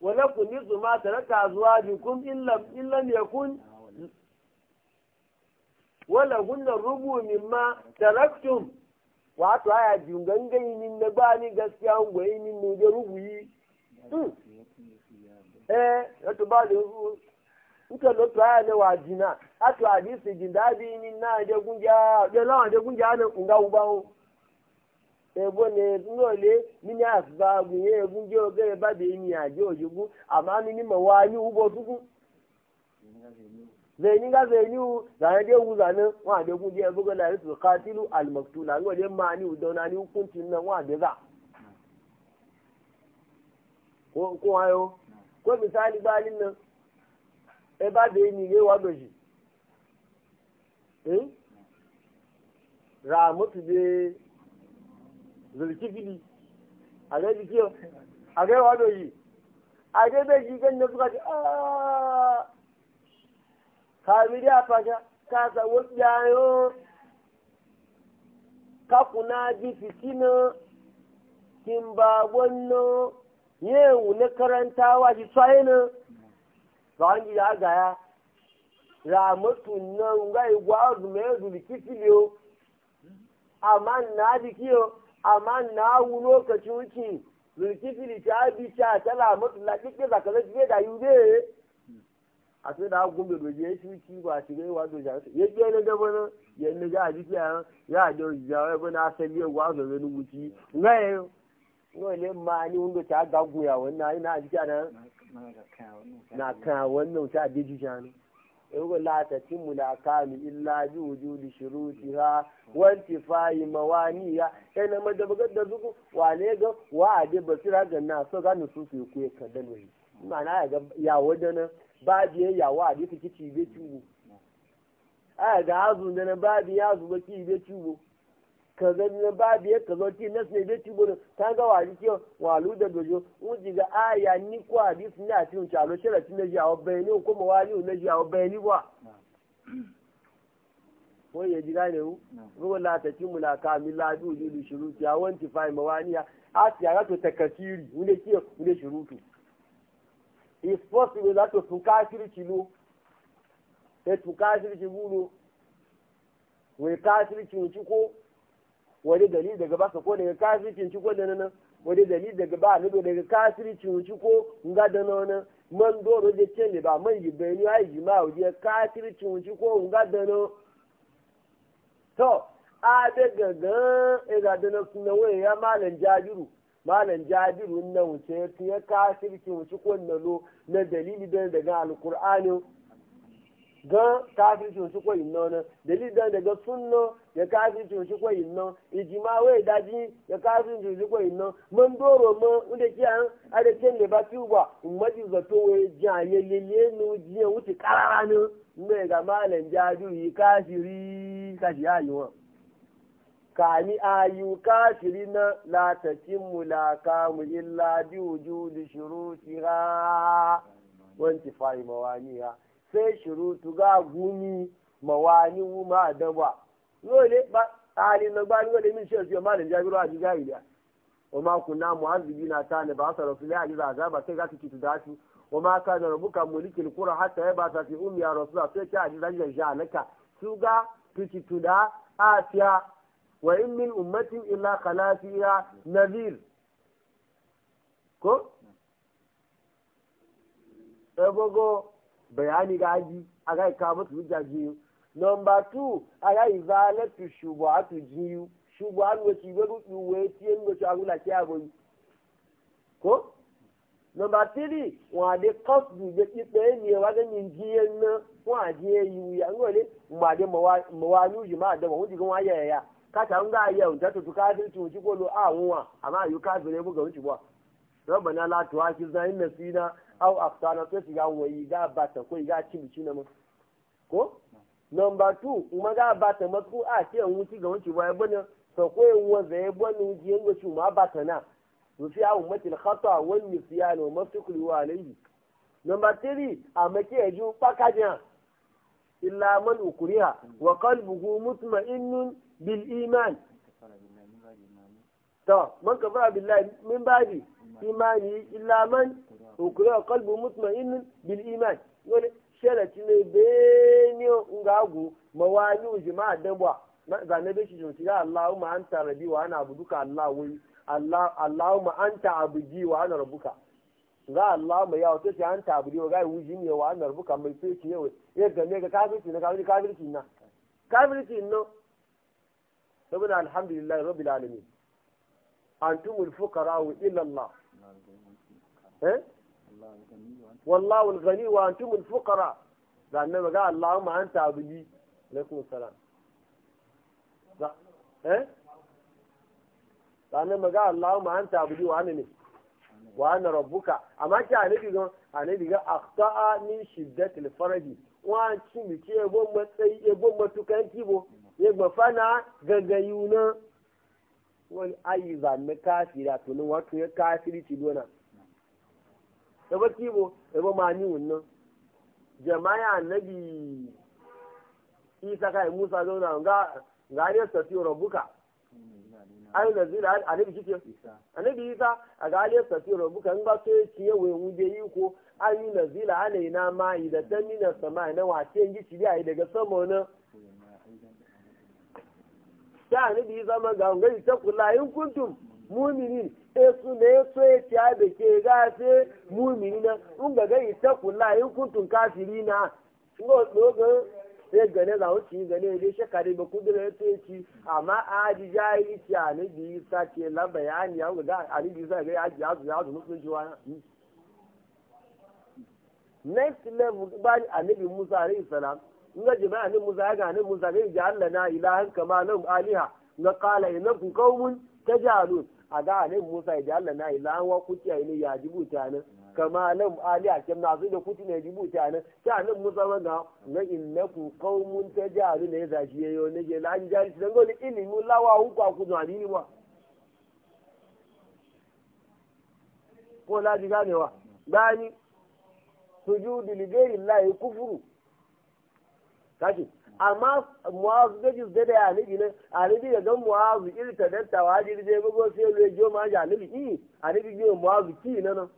wala kun nizu ma taraka zuwajukum illa illam kun. wala hunna rubu mimma taraktum wato aya ji gani min na ba ni gaskiya ngwai min ne da rubuyi hmm. eh wato ba da nke lotu aya ne wa jina ato hadisi jindabi ni na adegunja de lawan adegunja na nga ebo ne ngole mini asbabu ye egun je oge ba be ni aje ojugun ama mi ni mo ni ubo tuku ze ni ga ze ni u da ne wu za ne wa de je qatilu al maktula ma ni u ni kun tin na wa de ga ko ko ayo ko misali ba ni na e ba be ni ye wa doji eh ra mutu be zulkifili a ah, ga jikiyo a ga yawa doyi a ga bai jikin da suka ce aaa kamiri a fasha ka samu jayo ka kuna ji fitina kin ba gwanno yewu na karantawa shi tsaye na ba an ji ya gaya ramatu nan ga igwa zume zulkifili o amma na dikiyo. amma na wu lokaci wuce zulki fili ta bi ta tala mutu la kike za ka zai da yube a sai da gumbe doje ya shi ki ba shi gai wato ja ya je ne da bana ya ne ga ji ya ya da ja ya na sai ya wa zo ne wuci ngai no le ma ni wanda ta gaguya wannan ina ji kana na ka wannan ta bi ji jani يقول لا تتم الأحكام إلا بوجود شروطها وانتفاء موانيها أنا ما دبقت دزوكو وعليك وعدي بصير هذا الناس سوى نصوص يكوي كدنوي معنى يا ودنا بعد يا وعدي تكتي بيتو aga azu na na بعد يا zuba ki be kaza na ba biye kaza ti nas ne beti bono ta ga wali ke walu da dojo mu ji ga aya ni ko hadis ni a tin chalo shara tin ji awo be ni ko mo wali un ji awo be ni wa ko ye ji ga ne u ko la ta ti mu la ka mi la du ju du shuru ti awon ti fa mawani ya a ti ara to takasiri un de ki un de shuru tu is possible that to fukasiri ti lu e fukasiri ti bulu we kasiri ti ko wani dalili daga ba ka ko daga kafircin ci ko da nan wani dalili daga ba ni daga kafircin ci ko nga da nan man doro da ce ne ba man yi bayani ai jima wuri kafircin ci ko nga da nan to a da gaga ira e da nan suna waye ya malam jabiru malam jabiru na wuce ya kafircin ci ko na lo na dalili daga alkur'ani ga kafircin ci ko inna na. dalil daga sunna ya kafi cuci kwa inno ijima we daji ya kafi cuci kwa inno man doro man wanda ke an ada da le ba tuba ummaji zato we ja yelele nu jiya wuce karara ne me ga malam jaju yi kafiri kashi ayi wa kani ayu kafiri na la tatimmu la kamu illa bi wujudi shurutiha wa intifai mawaniha sai shurutu ga gumi mawani ma da ba lóòlé bá ààrẹ lọgbà lóòlé mi ṣe ọ̀sẹ̀ ọmọ àlejò na àjíjá ìlẹ̀ ọmọ akùnà muhammed bin ata ní bàá sọ̀rọ̀ sílẹ̀ àjíjá àzábà kẹ́gà ti kìtù dáṣu ọmọ aka nà rọ̀bùkà mọ̀lìkì kúrọ̀ hàtà ẹ̀ bá sàfi umi àrọ̀sùlà tó kí àjíjá jẹ̀ ṣe àlẹ́kà ṣúgà kìtù dá àfíà wà ń min ummatin ilà kàláfíà nàvír ko ẹ bọ́gọ́ bayani gaji a ga ikawo nọmba two, a izalatu shubhatu jiyu. Shubhatu wace ibe gudu wee tiye ngoci agula ke abun. Ko? Number three, wa de qasdu je ti pe ga jiye na wa ya ngole ma de ma wa ji ma de won ji ya ya. Ka nga ya ka ti tu ji ko ama ka bere bu ga un ti bo. a la tu'akhizna in na aw akhtana to ti ga won yi ga ba ta ga ci Nomba tu, umaga bata maku a ce an wuce ga wuce baya bane sako yin wanza ya bane wuce yin wuce ma bata na. Rufi e e a ummatil khata wal nisyan wa masukli wa alayhi. Nomba 3, a make yaju pakajin illa man ukriha wa qalbuhu mutma'innun bil iman. To, man kafara billahi min baji imani illa man ukriha qalbuhu mutma'innun bil iman. sharati ne benyo ngagu mawani ujima adabwa zanabe shi jin tiga Allahumma anta rabbi wa ana abuduka Allah wai Allah Allahumma anta abudi wa ana rabbuka ga Allah mai yawo sai anta abudi wa ga wuji ne wa ana rabbuka mai sai ce yau ya ga ne ga kafirci na kafirci kafirci na kafirci no saboda alhamdulillah rabbil alamin antumul fuqara ila Allah eh wallahu al-ghani wa antum al-fuqara da annabi ga Allahumma anta abdi alaikum salam eh da annabi ga Allahumma anta abdi wa ana ne wa ana rabbuka amma ki annabi ga annabi ga akhta'a min shiddatil faraji wa ci mi ce ebo matsayi ebo matukan kibo ya gbafana gagayuna wani ayi zanne kafira tunin wato ya kafiri ci dona yaba kibo yaba mani wannan jama'a annabi isa kai musa zauna ga ga ne tafiyo rabbuka ai da zira annabi kike annabi isa a ga ne tafiyo rabbuka in ba so ya e ciye wa mu wuje yi ko an yi nazila alaina ma idan dan mina sama na ce yi ci ai daga sama na ta annabi isa ma ga ngai ta in kuntum mu'minin esu na eso eti abe ke ga se mumini na nga ga itaku la in kafiri na ngo dogo e gane za wuci gane dai shekare ba kudura ya ce ci amma aji jayi ci a ni bi sa ke la bayani ya ga a ni bi sa ga aji azu ya azu musulunci wa next level ba annabi Musa alayhi salam nga jima'a annabi Musa ga annabi Musa ga ji ja'alna ilahan kama lahum aliha nga qala innakum qaumun taj'alun a da alim musa ya jalla na ila wa kuti ne ya jibuta nan kama alim ali akim na da kuti ne jibuta nan sai alim musa ma ga na innaku qaumun tajaru ne za shi yayo ne je la jari dan go ilimi lawa hu kwa ku zani ni wa ko la ji ganewa gani sujudu li ghairi llahi kaji amma muazu da jizde da anibi ne anibi ga gan muazu iri ta dan tawajiri je bugo sai lo jo ma ja anibi i anibi jo muazu ki na na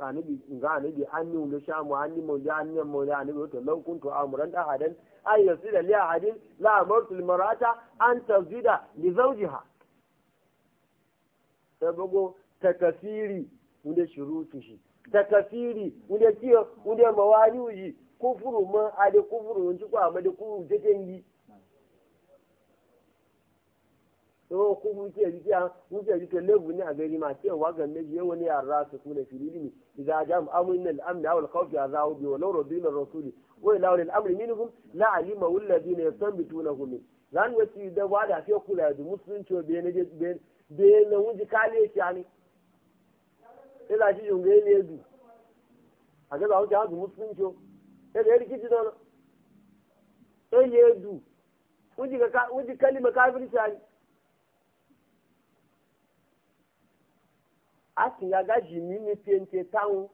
anibi ga anibi an ni ulo sha mu an ni mu ja an ni mu ja anibi to lan kuntu amran da hadan ay yasira li ahadin la amartu al marata an tazida li zawjiha sai bugo takasiri wunde shurutu shi takasiri wunde kiyo wunde mawani uji kufuru ma ade kufuru wanci ko amma da kufuru ta tengi so ku muke jiki a yi jiki lebu ne a gari ma ce wa ganne je wani ra su kuna fililimi idza jam amrun al amn aw al khawf ya za'u bi wa law radina rasuli wa ila al amri minhum la alima alladhina yastanbitunahu min zan wati da wada sai kula da musulunci be ne be be na wuji kale ci ani ila ji yunge ne a ga za wuce musulunci daga rikici da ɗan ya du wuji kalima kafirci ne a tun ya gaji mini fente tawon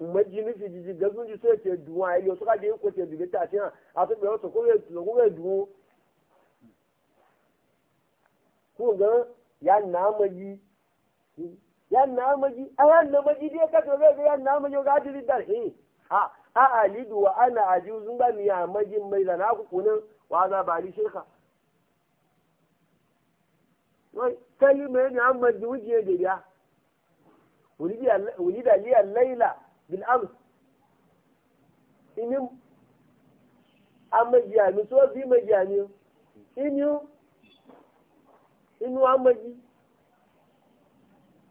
umarji nufi jiji gazun ji soya ke duwa ya yau suka je yi kwace dubi ta shi a su bai wata kowai tulo kowai duwo ko ga ya namaji ya namaji a ya namaji dai ka tulo ga ya namaji ga jiri dar eh ha a alidu wa ana ajuzun ba miya majin mai da naku kunin wa za ba ri shirka wai mai yana amman da wuce da ya wuli da liya laila bil amr inin amaji ami bi fi maji ami inu inu amaji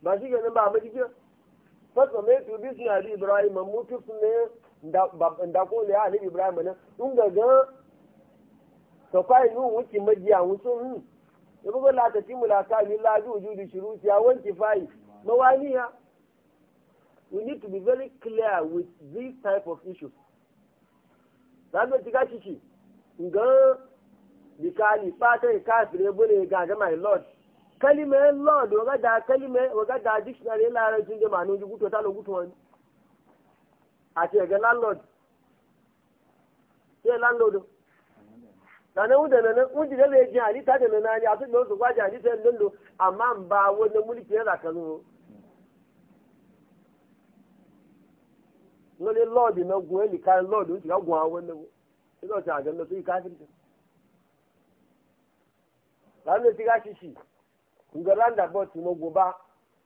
ba shi ganin ba amaji ke fasa mai tubi suna ibrahim mutu su ne da ko da ali ibrahim nan in ga ga to kai nu wuci majiya wutun ya hmm. e bugo la ta timu la ka ni la ju ju di shuruti ya wanti fai mawaniya we need to be very clear with these type of issues zabe tiga cici ga bikali fata kafire bune ga ga my lord kalime lord waga da kalime waga da dictionary la rajin jama'anu ji guto ta lo guto wani àti ẹ̀gẹ́ landlord ṣé landlord dàní ń dẹ̀nà ní ń dìde lè jẹ́ àdìta dẹ̀nà náà ni àtúntò oṣù wájú àdìta ẹ̀ lóńdó àmà ń ba àwọn ní múlìkì ẹ̀rà kan nù. lórí lọ́ọ̀dì náà gun ẹ̀lì ká lọ́ọ̀dì ń tìyà gun àwọn ẹ̀nẹ́wò nígbà tí àgbẹ̀ lọ sí ìka ká ṣíṣì bá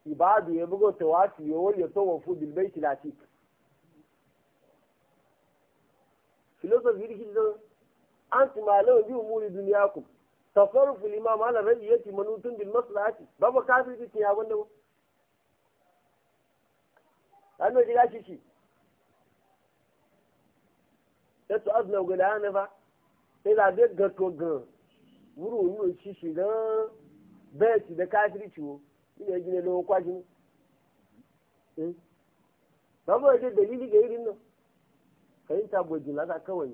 ìbáàdì sí owó yẹ filosofi yi rikici don an malawar biyu muri duniya ku filima ma na rai yake manutun bil maslahati ba ba kafin cikin ya wanda ba ano diga shi shi sai to na gula ne ba sai da be ga to ga wuru ni shi shi da be da kafin ciwo ina gina lo kwaji eh hmm? ba ba da dalili ga irin nan fahimta gwajin lasa kawai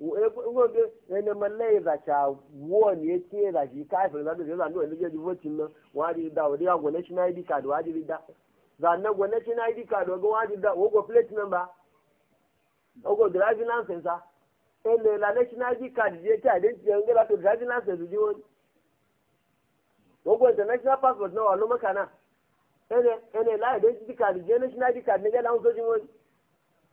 e, gobe yana mallai za ta won ya ce za shi kafin e za ta ce zanen wani jirgin vocin nan wani da wani ya gwane shi na id card wani da zanen gwane shi na id card wani wani da wogo plate number wogo driving license sa ele la national id card je ta identity yan ga to driving license ji wani wogo international passport na wani makana ene ene la identity card je national id card ne ga lan ji wani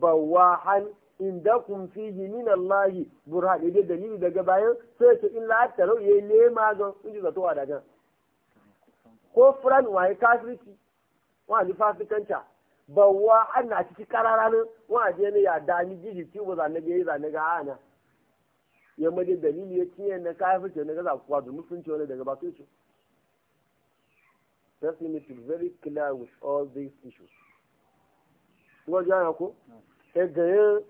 bawahan inda kun fi yi min Allahi burhan ɗaya dalili daga bayan sai ce in la tarau ya le magan in ji zatowa daga ko furan waye kafirci wa ni fasikanta bawa an na ciki kararanin wa je ne ya ni jiji ci ba zanne ga zanne ga ana ya maje dalili ya ciye na kafirci na gaza kuwa da musulunci wani daga bakin shi Just need to be very clear with all these issues. wọ́n jẹ́ àyànkó ẹ̀gàn yẹn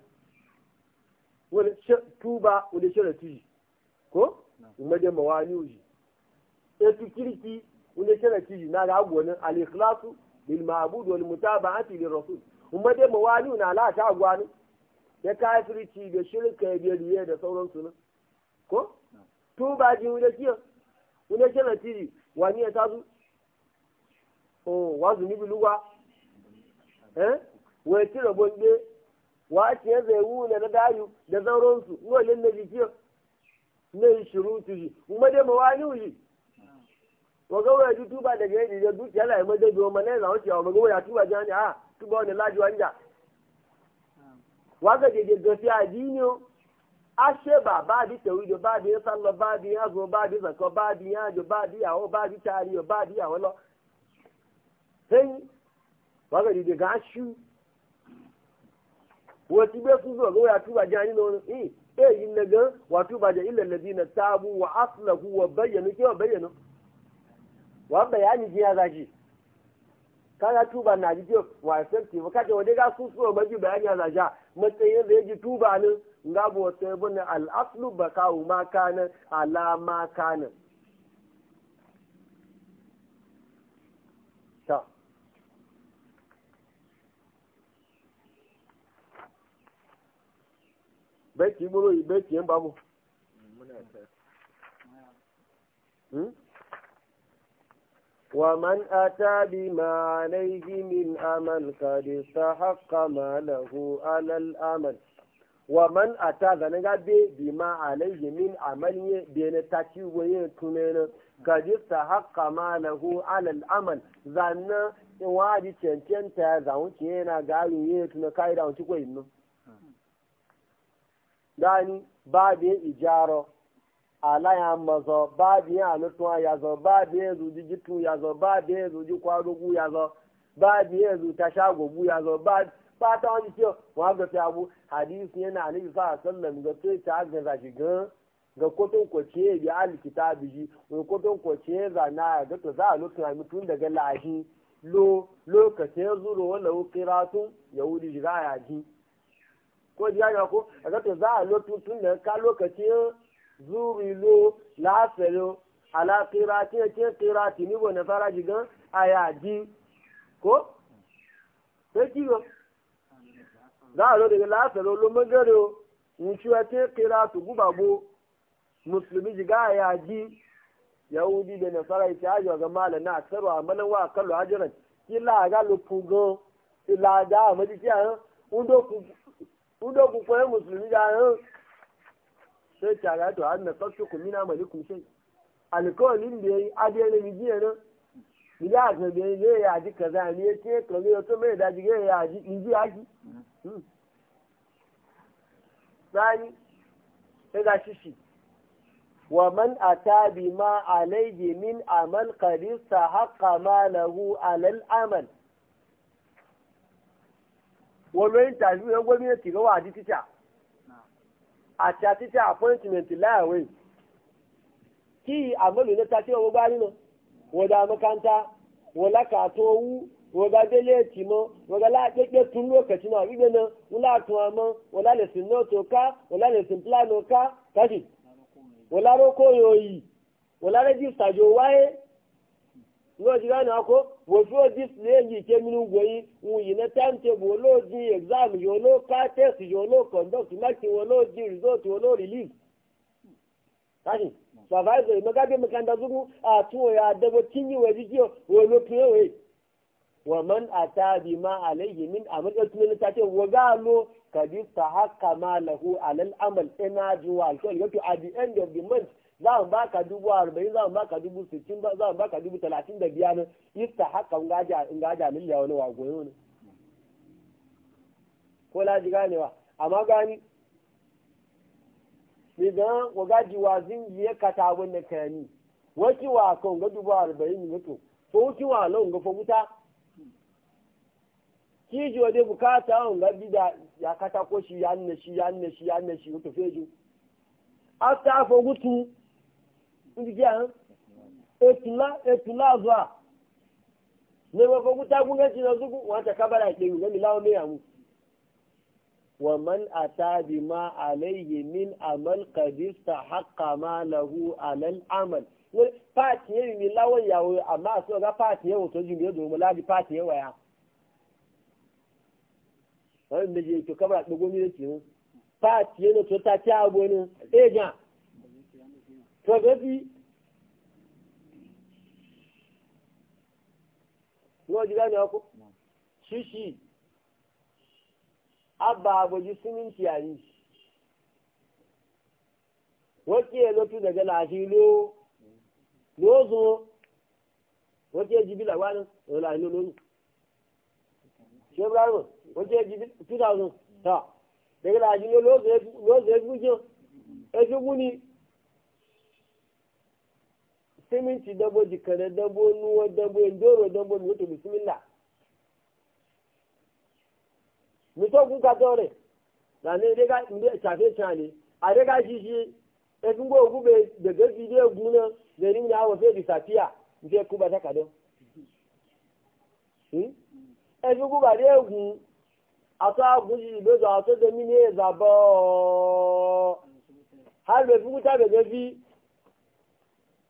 wọ́n lè túbà oníṣẹ́ rẹ̀ tuyì kó ìmọ̀jẹ̀ mọ̀ wá ní òyì ètù kìrìkì oníṣẹ́ rẹ̀ tuyì náà rà wọ̀ ní àlèkíláàtú lèmàbúdò olùmùtàbà àti lè rọ̀fù ìmọ̀jẹ̀ mọ̀ wá ní òyì náà láàṣà àgbà ni da shirka da riye da sauransu ne ko túbà di oníṣẹ́ rẹ̀ tuyì wà ní ẹ̀ta zu ọ̀ wá zùnìbìlú wa ẹ́. wai cire bonde wace ya zai wuna na dayu da sauransu ngolin na jiki na shurutu shi kuma dai mawani wuji wa gaura ji tuba daga yadda da dukiya yi madai doma na yanzu wuce wa ya tuba jani a ah, tuba wani laji wanda waga gafi ba ba bi ba bi ba bi azo ba bi ba bi ba bi yawo ba bi ba bi yawo waga ga wata bai sun zuwa ya tuba ji na wani eh eh yin na gan wa tuba ji illa na tabu wa aslahu wa bayyana ke wa bayyana wa bayani ji ya zaji kaga tuba na ji ke wa sarki ba kaje wani ga sun suwa maji bayani ya zaja matsayin da ya ji tuba ne ngabo sai bane al aslu bakawu ma ala ma kana Hmm? war man a ta bi ma alaiki min aman kaɗe ta haƙa ma lahu alal aman war man a ta zan gane bi ma alaiki min aman ya tuma gaji ta haƙa ma lahu alal aman zan na waɗi kyankyansa ya zama cina ga ma yana tuma ka gani babin ijaro ya mazo babin alutun yazo babin zuji jitu yazo babin zuji kwarugu yazo babin zu tashagogu yazo fata wani ce wa ga fi abu hadisi yana alaihi sa sallam ga sai ta ga zashi gan ga ko kwace bi alkitabi ji wani ko kwace za na ga to za a lokacin mutum daga lahi lo lokacin zuro wala kiratun yahudi ji ya ji. ko ji gane ko a zato za a lo tuntun da ka lokacin zuri lo lafelo ala kirati ya tira ti ni bo na fara jigan a di ko sai kiwo za a lo daga lafelo lo magare in ci tira tu kiratu gubabo musulmi jiga a di yahudi da nasara fara ce ajiyar ga malana na tsaro a malawa wa kallo ki la ga lupugo ila da a majikiya un do udo ku koyi musulmi da nan sai na ku mina da yayi adiyar a kan da ya ji kaza ne ya ce kaza ya to mai daji ya ya ji in ji sani hmm. sai ga shishi wa man ata bi ma alayhi min amal qad sahaqqa ma lahu alal amal wọ́n ló ń tàbí wọn gómìnà lọ́wọ́ àdí títà àti àtítà appointment láàwẹ̀ kí àgbọ̀lùnú ta tí wọ́n gbá nínú wọ́n dá mọ́kántá wọ́n lákàtọ́ owó wọ́n bá délé ètì mọ́ wọ́n bá láàpẹ́pẹ́ tún lókàtí náà wígbẹ́ náà wọ́n láàtún àmọ́ wọ́n lálẹ́ sí nọ́ọ̀tù ká wọ́n lálẹ́ sí pílánù ká kájì wọ́n lárọ́kọ́ yòòyì wọ́n lárẹ́jì sàjò wáyé wọ́n ti gánà kó wòtú ó display yìí ké mi ń wòye ń yìí ná timetable wọn ló dín exam yìí wọn ló test yìí wọn ló conduct marking wọn ló dín result wọn ló release. káṣí supervisor ìmọ̀ gábé mi kàn dàgbùgbù àtúwò yà àdàbò tíyìn wẹ̀ jíjí wọn ló pín wẹ̀. wọ́n mọ̀ ní àtàbí má àlẹ́ yìí ní àmọ́ ètò mi ní sàkẹ́ wọ́n gá ló kàdí sàhákà má lẹ́hu lahu àmọ̀ ẹ̀ ina ju wà àlùkò at the end of the month za mu baka dubu arba'in za mu baka dubu sittin ba za mu baka dubu talatin da biya nan ista haka in ga ja miliya wani wago ne ko laji ganewa amma gani idan ku gaji wa zingiye kata abin da kayani waki wa kan ga dubu arba'in ne mutu ko waki wa lau ga fahimta? kiji wa dai bukata ga bida ya kata ko shi ya annashi ya annashi ya annashi níbi jẹ́ àán ètùlá ètùlá àzọ́ a ní wọ́n fọ́kú tágún lẹ́sìn lọ sókú wọ́n tẹ kábàrà ìpéyìn lẹ́mi láwọn méyàwó. wọ́n mọ́n àtàbí máa àlẹ́ ní àmọ́n kàdísà hàkà máa lọ́hù àlẹ́ àmọ́n. wọ́n páàtì yẹn mi láwọn ìyàwó àmọ́ àti ọ̀gá páàtì yẹn wò tó ju mi lódò mo láti tọ́gẹ́bí wọ́n jí lẹ́nu ọkọ́ ṣíṣì àbà àbòjú símìntì àyè wọ́n kí ẹ lótú dẹ̀gẹ́ láti ilé ó lóòzùn wọ́n kí ẹ jí bí làwọn àná òun là ìlú lónìí ṣé bí láwọn wọ́n kí ẹ jí bí two tà dẹ̀gẹ́ láti ilé lóòzùn ẹgbẹ́ jẹun ẹgbẹ́ gún siminti dabo jikare dabo nuwa dabo indoro dabo mi bismillah mi kun ka tore na ne de ga mbe chafe chani a de ga shishi e kun go gube de ga video guna de ni na wa fe nje ku ba hmm? e kun ba de ato agun ji ato de mi ta be de fi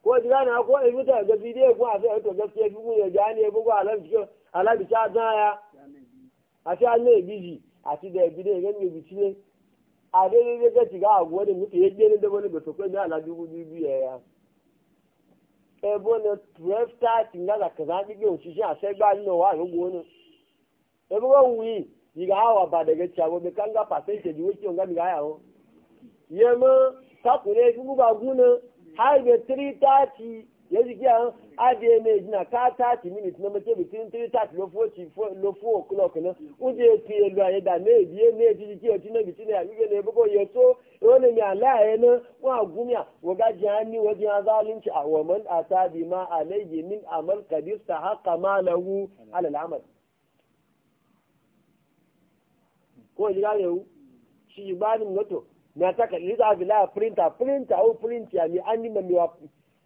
ko ji gane ko in mutu ga bidiyo ko a sai to gaskiya bi mun ya bugu alam cikin alam ta zaya a sai an ne biji a ci da bidiyo ga ne bici ne a dai ne ga ci ga agwo da mutu ya gane da wani gato ko ala dubu dubu ya ya e bono 12 start nga la kaza bi go shi a sai ba no wa go gono e bugu wi diga hawa ba daga chago be kanga percentage wuce nga mi ga yawo yema takure gugu ba guna har da 330 ya jiki an ajiye mai jina ka minutes na mace bitin 330 lo 4 o'clock na elu e aye da na ebiye na eji jiki na bitin na ebugo ya so rone mi na wọn waga jihani wajen azalunci a waman a sabi ma min amal wu na taka iliza vila printer printer au oh, print ya ni anime mi wa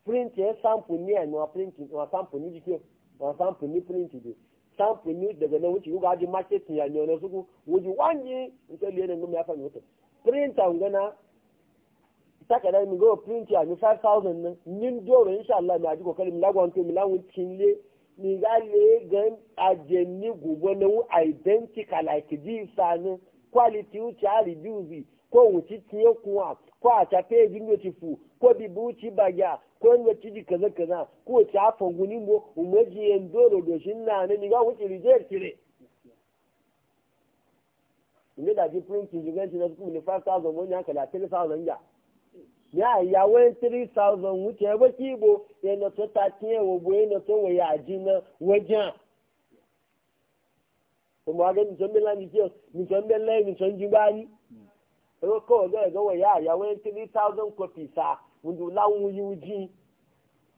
print ya sample ni ni wa print ni wa sample ni jikio wa sample ni print de sample ni daga na wuce ga ji market ya ni ona suku wuji wanji nta liye ngum ya fami wuta printer ngana taka da mi go print ya ni 5000 nin doro insha Allah mi aji kokari mi lagwan to mi lawun tinle ni ga le gan ajeni gubo na identical like this an quality u cha reduce ko wuci tiye kuwa ko a tafe ejin da ci fu ko bi buci bagya ko yin wacce ji kaza kaza ko ci a fanguni mo umarji yin doro da shi na ne ni ga wuce rijiyar kire. Ime da ji printing jigan shi na suku ne 5,000 wani haka da 3,000 ya. Ya ya wani 3,000 wuce ya baki bo ya e na to ta tiye wa bo ya e na to wa ya ji na wajen. Kuma wa ga nisan bela ni kiyo nisan bela nisan jibani. ẹ̀rọ kọ́ ọ̀gá ẹ̀gá wọ̀ ya àyà a ǹdù láwọn yìí ó jí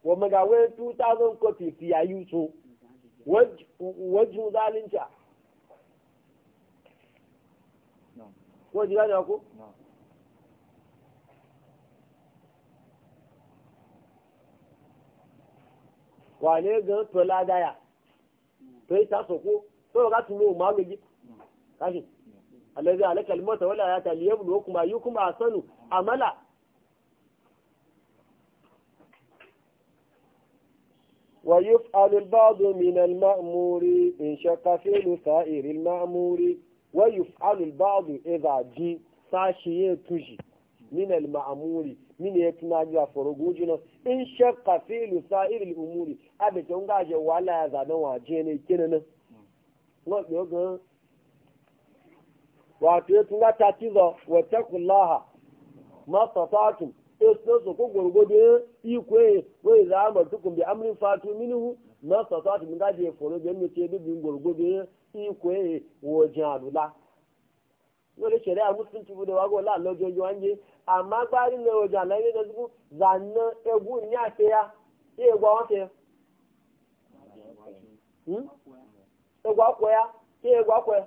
wọ́n mẹ́ga wẹ́n two thousand copies yà yìí tó wọ́n jù dání jà. wọ́n jù dání ọkọ. wà ní gan tó ládàá yà tó yìí sá sọ̀kú tó yọ ká tún lóun alazi alaka almota wala ya ta liyabu a sanu amala wa yuf'alu al-ba'du min al-ma'muri in shakka fi nusairi al ya tuji min al-ma'muri min ya a forogujina waje ne kinanin wọn wato ya tunga ta cizo wata kullaha masa fatun esoso ko gwargwado ikwe wai za a martukun bi amrin fatu minihu masa fatun min gaje foro da yamma ce bibin gwargwado ikwe wajen alula wani shari'a musulunci bude wago la lojoji a gbari na wajen alayi da zuku zanna egwu ni a ya iya egwu awon ya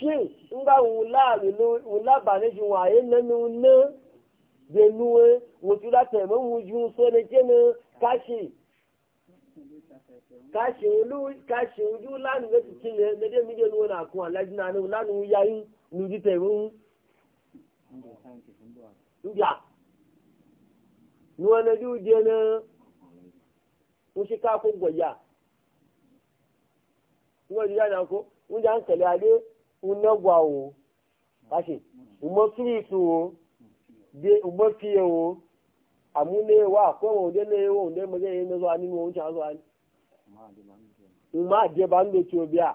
shin nga wula wilu wula ba ne ji waye na nuna da nuwe wutu da teme wuju so ne ke ne kashi kashi wulu kashi wuju lanu ne ti kile ne mi de nuwe na kun alaji na ne lanu yayi nuji teme wu nja nuwe ne ju je ne wusi ka ko goya nuwe ju ya na ko wuja n kele ade unagwa wo kashi umofiritu wo de umofiye wo amune wa ko wo de ne wo de mo de ne ani mo cha zo ani uma de ba ndo ti obia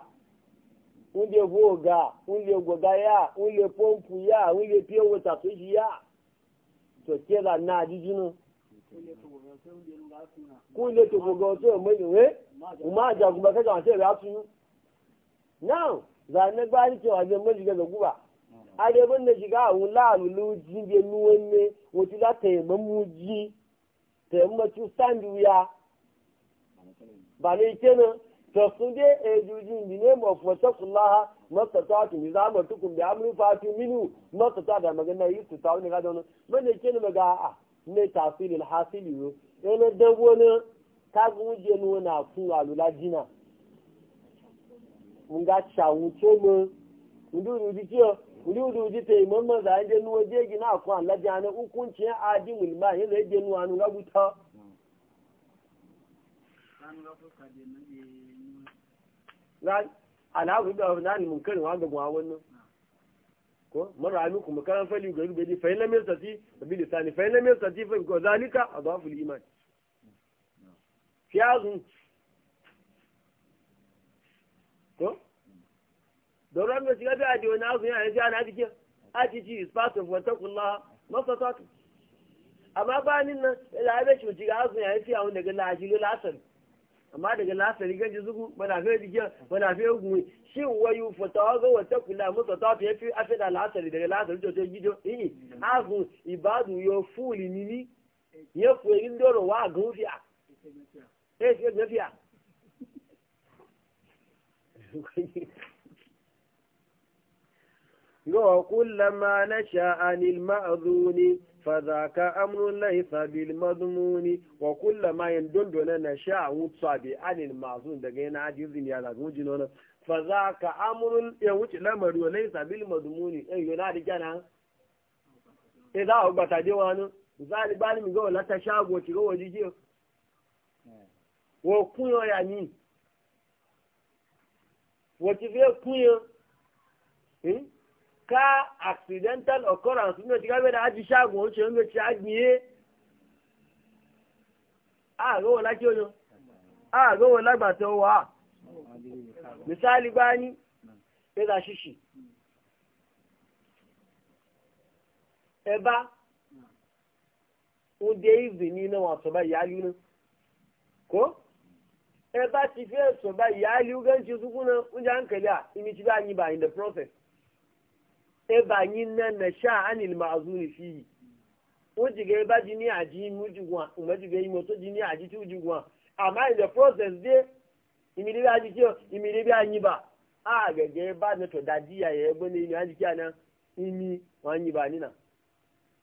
unde ga. unde goga ya unde pompu ya unde pie wo ta ya to la na now zane gbari cewa zai mai shiga da guba a dai ban shiga a wula a luluji bai nuwanne wata za ta yi mamuji ta yi macu sandi wuya ba ne kenan to sun dai a eh, jujin bi ne ma fuwata kullaha masa ta tu mi zama tukun bi amurin fatu minu masa ta da magana yi ta wani ga maga a ne tasirin hasili nga chawu chome ndi uruji kiyo ndi uruji te imamma za inde nuwa gi na akwa Allah jana hukunci ya adi mulma yin da yake nuwa nuga guta alhaku da wa ga gwa ko kan ga di sati bi don ran da adị biya da wani azu yana ji ana jikin attitude is part of wata kula masa sata amma bayanin nan ilabe shi ji ga azu fi awon daga lajilo lasar amma daga lasar ga ji zugu bana fe jikin bana fe gumi shi wayu fatawa ga wata kula masa sata ya fi afi da lasar daga lasar jojo gido eh azu ibadu yo ya وكلما نشا عن المأذون فذاك أمر ليس بالمضمون وكل وكلما يندون نشاء وتصابي عن المأذون دقينا عجزين يا لقون فذاك أمر يوجد لمر وليس بالمضمون أي ينادي جانا إذا أبقى تديوانو misali bani mi gawa lata shago ti gawa jije wo kunyo ya ni wo ka accidental occurrence ní òtí kábẹ́dà á ti ṣáàgùn ó ṣe ń lòtí àgbìyé àgọ́wò lákí oyún àgọ́wò lágbàtọ̀ wà misali gbá ní pẹ́ta ṣíṣì ẹbá ó dé ìzì ní iná wọn àtọ̀bá ìyáálú náà kó ẹbá ti fẹ́ sọ̀bá ìyáálú gẹ́ǹtì sókún náà ó jẹ́ àǹkẹ́lẹ́ à ìmìtìbá yìí bá in the process eba anyị nne na sha anil ma'azuni fi wuji ga ba jini ji wuji ime umaji ga yi moto jini a ti wuji gwa amma in the process dai imiri bi a ji kiyo imiri bi a yi ba a na to dadiya ya ebe na yi ni a ji kiya na.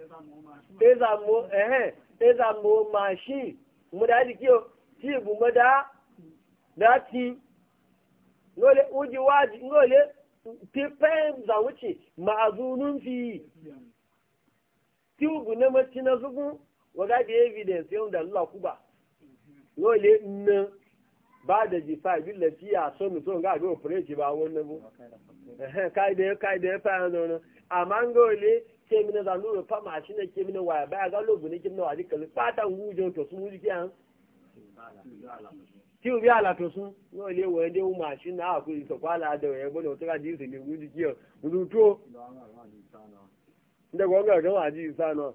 eza mo mashin mo da di ti bu mo da da ti ngole uji waji ngole ti za fi ti bu na mace na zugun da evidence yau da lula kuba ngole na ba da bi lafiya so mi so ga operate ba wannan bu kai kai fa kemina na nuru fa ma shi ne kemina waya baya ga lobu ne kemina wa dikali pata wujo to sun wuji kiyan tí o e na a sun ní ilé wọ̀ ẹ́dẹ́ ó máa ṣí náà àkóso ìsọ̀kọ́ àlàdẹ̀ ọ̀yẹ́ gbọ́dọ̀ tó kájí ìsìn ní wújú kí ọ gbọ́dọ̀ tó ndẹ́gbọ́ ọgbà ọ̀gá wà jí ìsá náà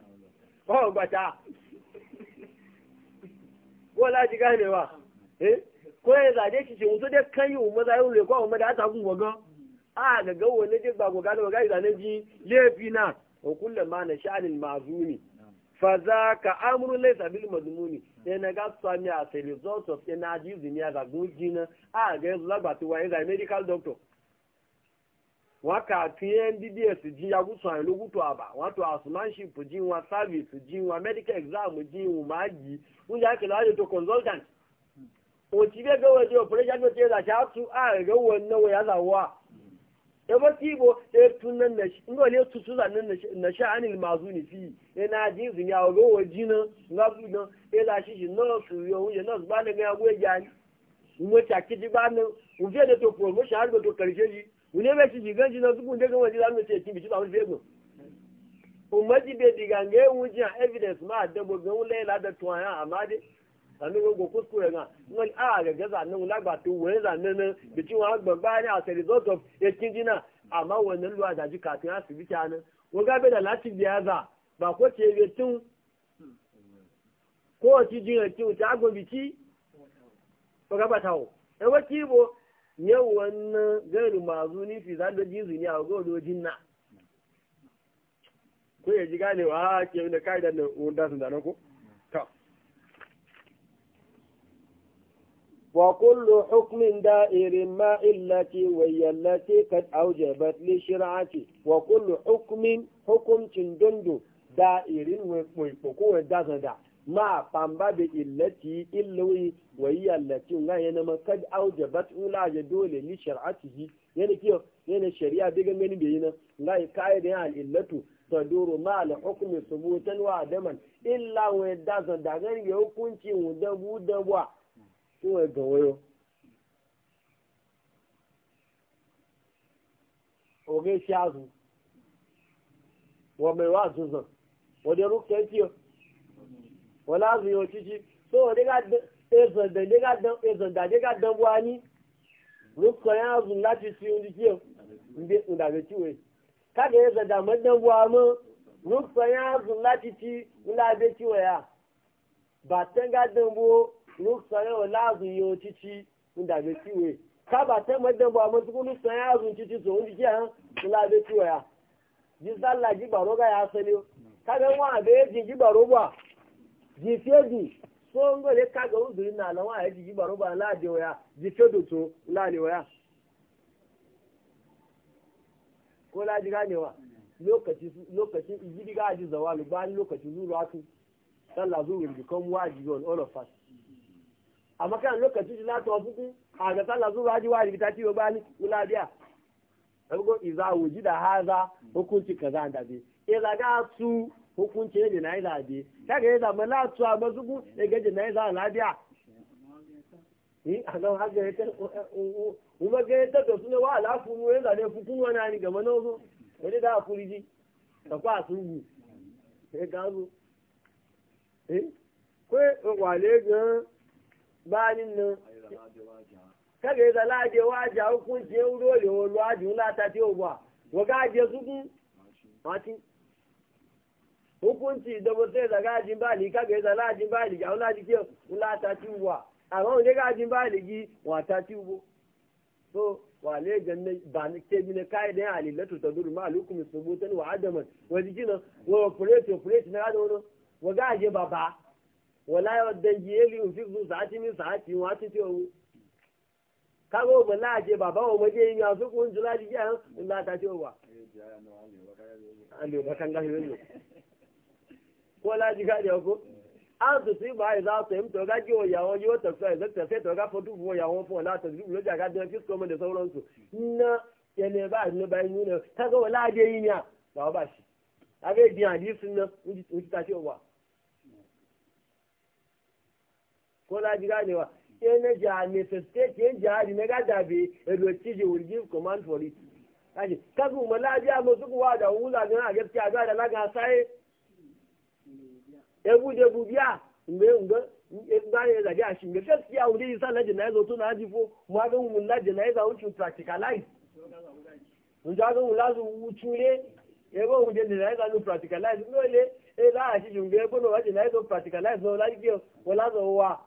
kawai gwata ko laji ganewa eh ko ya zaje ki ce mutu dai kan yi umma zai ule ko umma da ata kun gogo a ga ga wani dai ba goga da goga zane ji lefi na wa kullu ma na sha'anil mazuni fa za ka amru laysa bil mazmuni sai na ga sami as a result of energy zinia ga gujina a ga zagba to wai medical doctor waka atụnye ndị ds ji yagusu wụtụ anyị lụgwụtụ aba nwatụ asụmanship ji wa savis ji wa medikal exam ji nwụ ma ji ụnye akele ajụ to konsultant hmm. ochibe gewe ji opere ja gote zacha atụ aghegewe nnewe ya zawo hmm. e a ebeta igbo etu ndị ole etu suza nnechi a nile mazụ n'isi ị na-adị na izu ya ogewe ji na ngabudo ịlachichi nọọsụ ya onwunye nọọsụ gbanụ ya gbuo ji anyị nwechakịjigbanụ ụvie na-eto promoshon arụgoto karishe ji wule bai shi shigan shi na su kunde gama jira mai ce kin bici ba wani fego umarci bai diga ne wuce a evidence ma da bugan wule la da tuwaya amma dai sanu ko go kuskure na ngal a ga ah, gaza nan wula ba to wani zanen nan bici wa gbagba ne as a result of yakin jina amma wannan luwa da ji kafin asibiti a nan waga bai da lati biya za ba ko ce bai tun ko ci jiran ki wuta agbo bici waga ba tawo e wa bo. yau wannan gari mazu ni fi za da jizu ne a godojin na ko ya ji ganewa a ke da kai da na wanda sun zanen ko ta wa kullu hukmin da'irin ma illati wa yallati kad aujabat li shir'ati wa kullu hukmin hukumcin dundu da'irin wa ko wanda sun da ma pamba da illati illawi wa yi allati nga yana ma kad aujabat ula ya dole ni shar'atihi yana kiyo yana shari'a bi gangani bai na nga yi kai da al illatu taduru ma al hukmi subutan wa adaman illa wa da zan da gani ya hukunci mu da bu da wa to ga wayo oge shazu wa mai wa zuzan wa da ruka wala zu yo cici so de ga ezan e e da de ga dan da de ga dan wani rukko ya zu lati si undi kiyo mbe unda be ciwe ka ga ezan da man dan wa mu rukko ya zu lati ti unda be ciwe ya ba tan ga dan bo rukko ya wala zu yo cici unda be ciwe ka ba tan man dan wa mu su kunu san ya zu cici so undi baro ka baro ba jifedi so ngo le kaga uzuri na lawa ya jiji baro ba la de oya jifedo to la le oya ko la diga ne wa lokaci lokaci ijidi ga ji zawalu ba lokaci zuru atu sallah zuru will become wajibi on all of us amma kan lokaci ji na to buku a ga sallah zuru haji wajibi ta ci ba ni ula biya ko iza wujida haza hukunci kaza da bi iza ga su hukunci ya jinaiza bi ya zama latu a mazugu ya ga jinaiza a labiya yi a nan haka ya kuma ga suna wa wani gama na wasu wani da kwa ya eh wale ga nan ya lata wa ga hukunci da ba sai daga ajin bali ka ga da ajin bali ga wala dike wala ta tiwa amma wanda ga ajin bali gi wa ta tiwo so wale ganne ba ni ke bi ne kai da alilatu tadur ma alukum subutan wa adaman wa dikina wa operate operate na da wono wa ga aje baba wala ya da yeli u fi zu saati min saati wa ti tiwo ka go ba la je baba wa maje yin su kun jula dike an la ta tiwo eh, wa ale ba kan ga hiyo ko laji gane ko an su ti ba za su yi toga ji wa yawon yi wata sai zakta sai toga fatu wa yawon fa la ta zubu loja ga dan fisko mun da sauransu na yana ba ne ba yin ne ta ga wala je yin ya ba ba shi abe din hadisin nan mun ta ce wa ko laji gane wa yana ne state yan jihadi na gada be elochi je will give command for it da da ebu da ebu mgbe mgbe gbanye zabi a shi mgbe fesu ya wuri isa na jenaiza to na ajifo mu aga mu na jenaiza wucin practicalize mu ji aga mu lazu wucure ebe mu jenaiza lu practicalize e mgbe ebe na jenaiza practicalize na olaji biyo wala ụwa.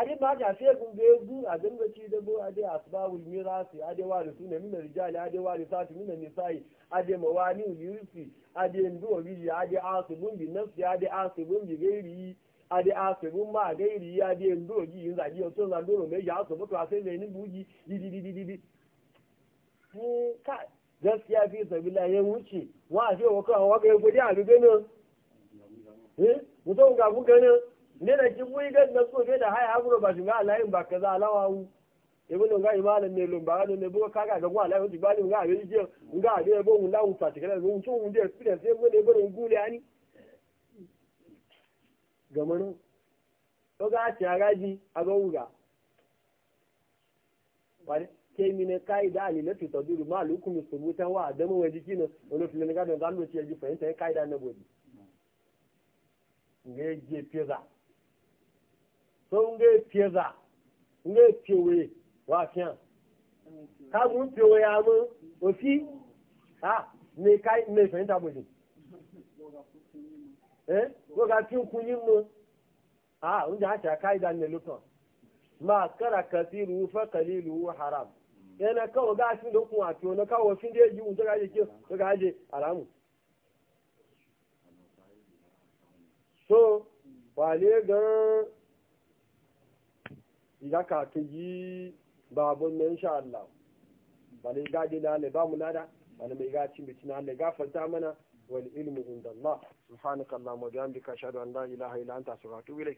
ade ma ja sai kun ga yanzu a gangaci da bo ade asbabul mirasi ade warisu ne min rijal ade warisati min nisa'i ade mawani yursi ade ndo wi ade asibun bi nafsi ade asibun bi gairi ade asibun ma gairi ade ndo ji yin zaji o tun zandoro me ya so to asai ne nin buji di di di di di eh, ka gaskiya fi sabila ya wuce wa a ce wa kawo wa ga yi gudi a gaba eh mutum ga kuka ne ne da ki wuyi gan na tsofe da haya agro ba shiga alayin ba kaza alawa wu ibn ga imalan ne lumba ga ne bu ka ga ga gwa alayin ti bani ga yi je ga nga de bo mun lawu ta tikala mun tun mun de experience sai mun ne bo ngule ani gamano to ga ti agaji agawuga wale ke mi ne kai da ni lati to duru ma lu kuma su subuta wa da mu adamu wa jikino wono ne ga da zanu ti ji fahimta kai da ne bodi ngeje peza so nge pieza nge piewe wa fian ka mu piewe ya mu ofi ha ne kai ne fe nta bo eh wo ga tin kun yin mu ha un ja ta kai da ne lukan ma kara kasiru fa qalilu haram yana kawo ga shi da kun ato na kawo fin da yi un da ga je ke ga je haramu so wale gan iga ka ta yi babun na insha Allah ba ne ga dina ne ba mu nada ba ne mai gaci mai cina ne gafarta mana wal ilmi inda Allah subhanaka Allahumma wa bihamdika ashhadu an la ilaha illa anta astaghfiruka wa atubu